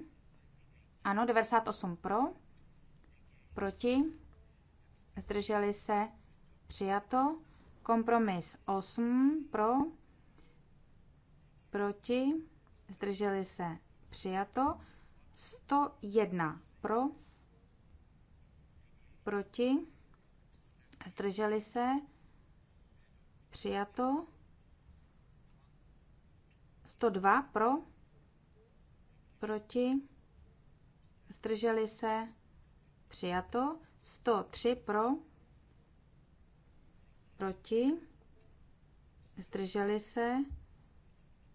ano, 98 pro, proti, zdrželi se přijato, kompromis 8 pro, proti, zdrželi se, přijato. 101 pro, proti, zdrželi se, přijato. 102 pro, proti, zdrželi se, přijato. 103 pro, proti, zdrželi se,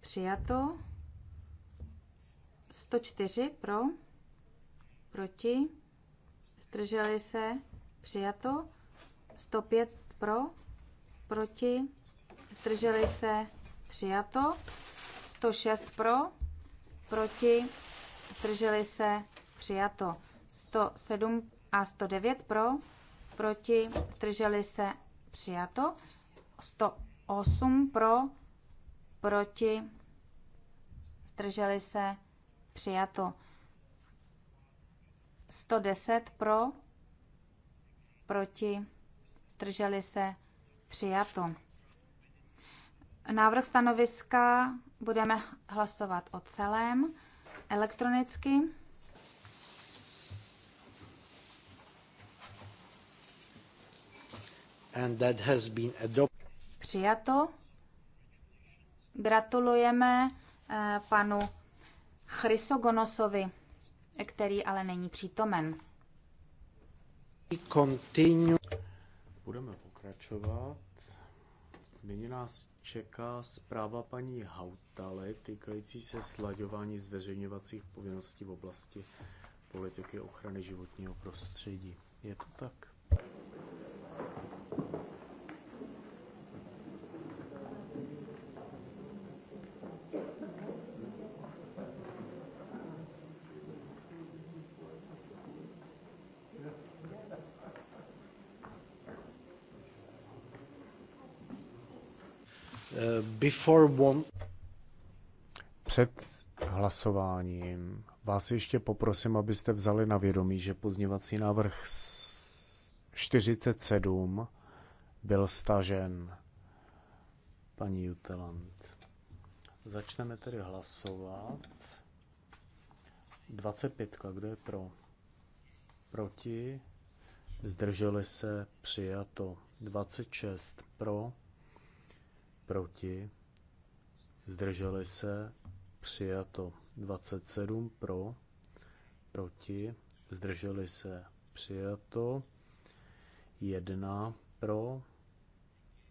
Přijato. 104 pro, proti, zdrželi se, přijato. 105 pro, proti, zdrželi se, přijato. 106 pro, proti, zdrželi se, přijato. 107 a 109 pro, proti, zdrželi se, přijato. 108 pro, proti, zdrželi se, přijato. 110 pro, proti, zdrželi se, přijato. Návrh stanoviska budeme hlasovat o celém elektronicky. And that has been adopted. Přijato. Gratulujeme eh, panu Chrysogonosovi, který ale není přítomen. Continue. Budeme pokračovat. Nyní nás čeká zpráva paní Hautale týkající se slaďování zveřejňovacích povinností v oblasti politiky ochrany životního prostředí. Je to tak? Before one... Před hlasováním vás ještě poprosím, abyste vzali na vědomí, že pozněvací návrh 47 byl stažen paní Jutelant. Začneme tedy hlasovat. 25. Kdo je pro? Proti? Zdrželi se? Přijato. 26. Pro? proti, zdrželi se, přijato 27 pro, proti, zdrželi se, přijato 1 pro,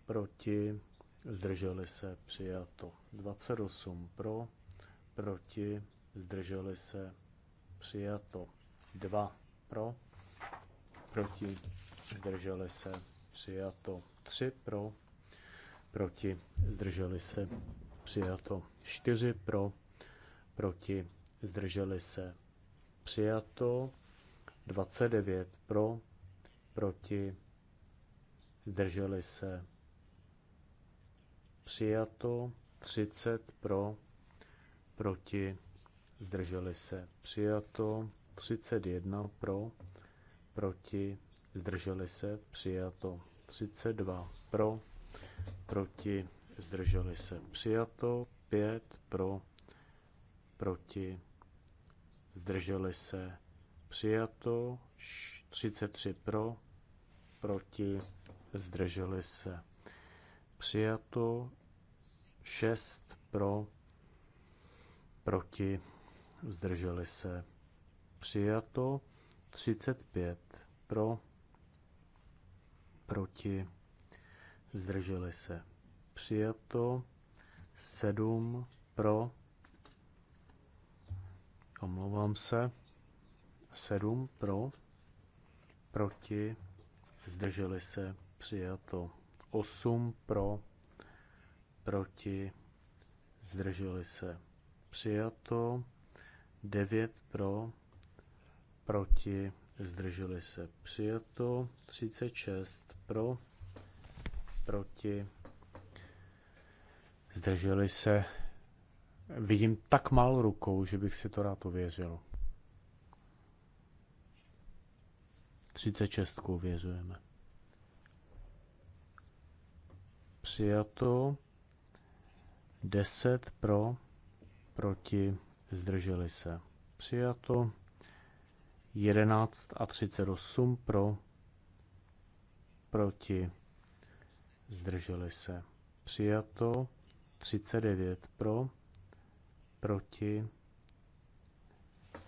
proti, zdrželi se, přijato 28 pro, proti, zdrželi se, přijato 2 pro, proti, zdrželi se, přijato 3 pro, proti, zdrželi se, přijato. 4 pro, proti, zdrželi se, přijato. 29 pro, proti, zdrželi se, přijato. 30 pro, proti, zdrželi se, přijato. 31 pro, proti, zdrželi se, přijato. 32 pro, proti, zdrželi se přijato, 5 pro, proti, zdrželi se přijato, 33 pro, proti, zdrželi se přijato, 6 pro, proti, zdrželi se přijato, 35 pro, proti, zdrželi se. Přijato 7 pro, omlouvám se, 7 pro, proti, zdrželi se, přijato 8 pro, proti, zdrželi se, přijato 9 pro, proti, zdrželi se, přijato 36 pro, proti, zdrželi se. Vidím tak málo rukou, že bych si to rád ověřil. 36 ověřujeme. Přijato 10 pro, proti, zdrželi se. Přijato 11 a 38 pro, proti, zdrželi se. Přijato 39 pro, proti,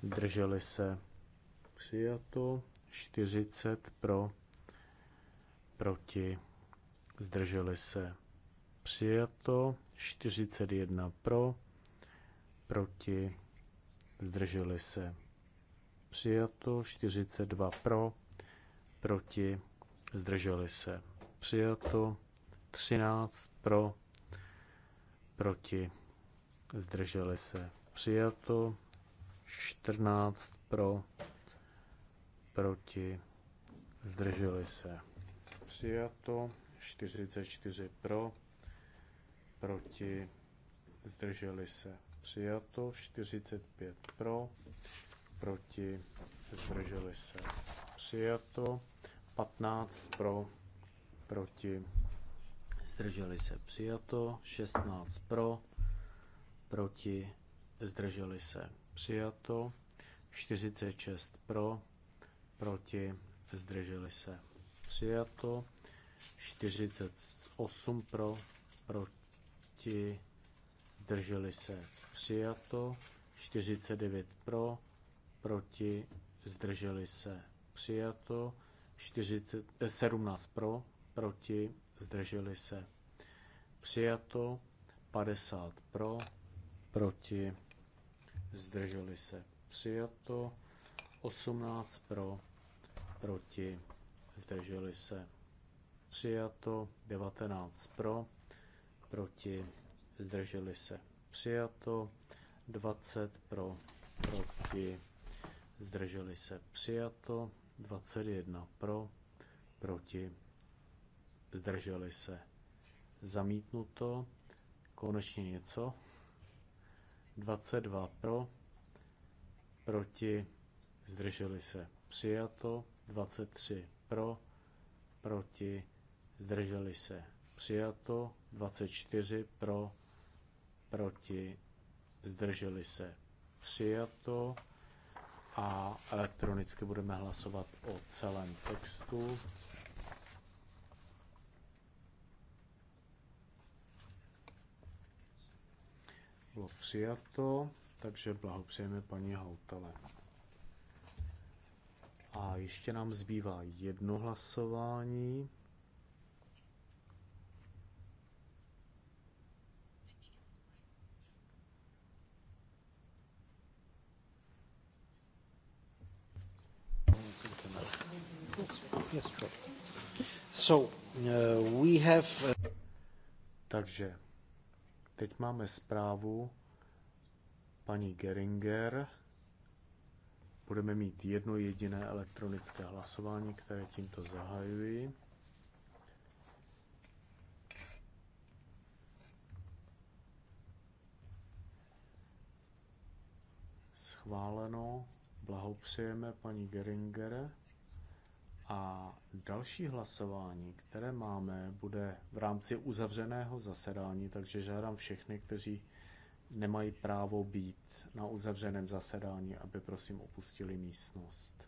zdrželi se. Přijato 40 pro, proti, zdrželi se. Přijato 41 pro, proti, zdrželi se. Přijato 42 pro, proti, zdrželi se. Přijato 13 pro, proti, zdrželi se, přijato, 14 pro, proti, zdrželi se, přijato, 44 pro, proti, zdrželi se, přijato, 45 pro, proti, zdrželi se, přijato, 15 pro, proti, zdrželi se přijato, 16 pro, proti, zdrželi se přijato, 46 pro, proti, zdrželi se přijato, 48 pro, proti, zdrželi se přijato, 49 pro, proti, zdrželi se přijato, 40, 17 eh, pro, proti, zdrželi se. Přijato 50 pro, proti, zdrželi se. Přijato 18 pro, proti, zdrželi se. Přijato 19 pro, proti, zdrželi se. Přijato 20 pro, proti, zdrželi se. Přijato 21 pro, proti, zdrželi se. Zamítnuto, konečně něco. 22 pro, proti, zdrželi se. Přijato, 23 pro, proti, zdrželi se. Přijato, 24 pro, proti, zdrželi se. Přijato a elektronicky budeme hlasovat o celém textu. bylo přijato, takže blahopřejeme paní Hautale. A ještě nám zbývá jedno hlasování. So, uh, we have... Uh, takže Teď máme zprávu paní Geringer. Budeme mít jedno jediné elektronické hlasování, které tímto zahajuji. Schváleno. Blahopřejeme paní Geringere. A další hlasování, které máme, bude v rámci uzavřeného zasedání, takže žádám všechny, kteří nemají právo být na uzavřeném zasedání, aby prosím opustili místnost.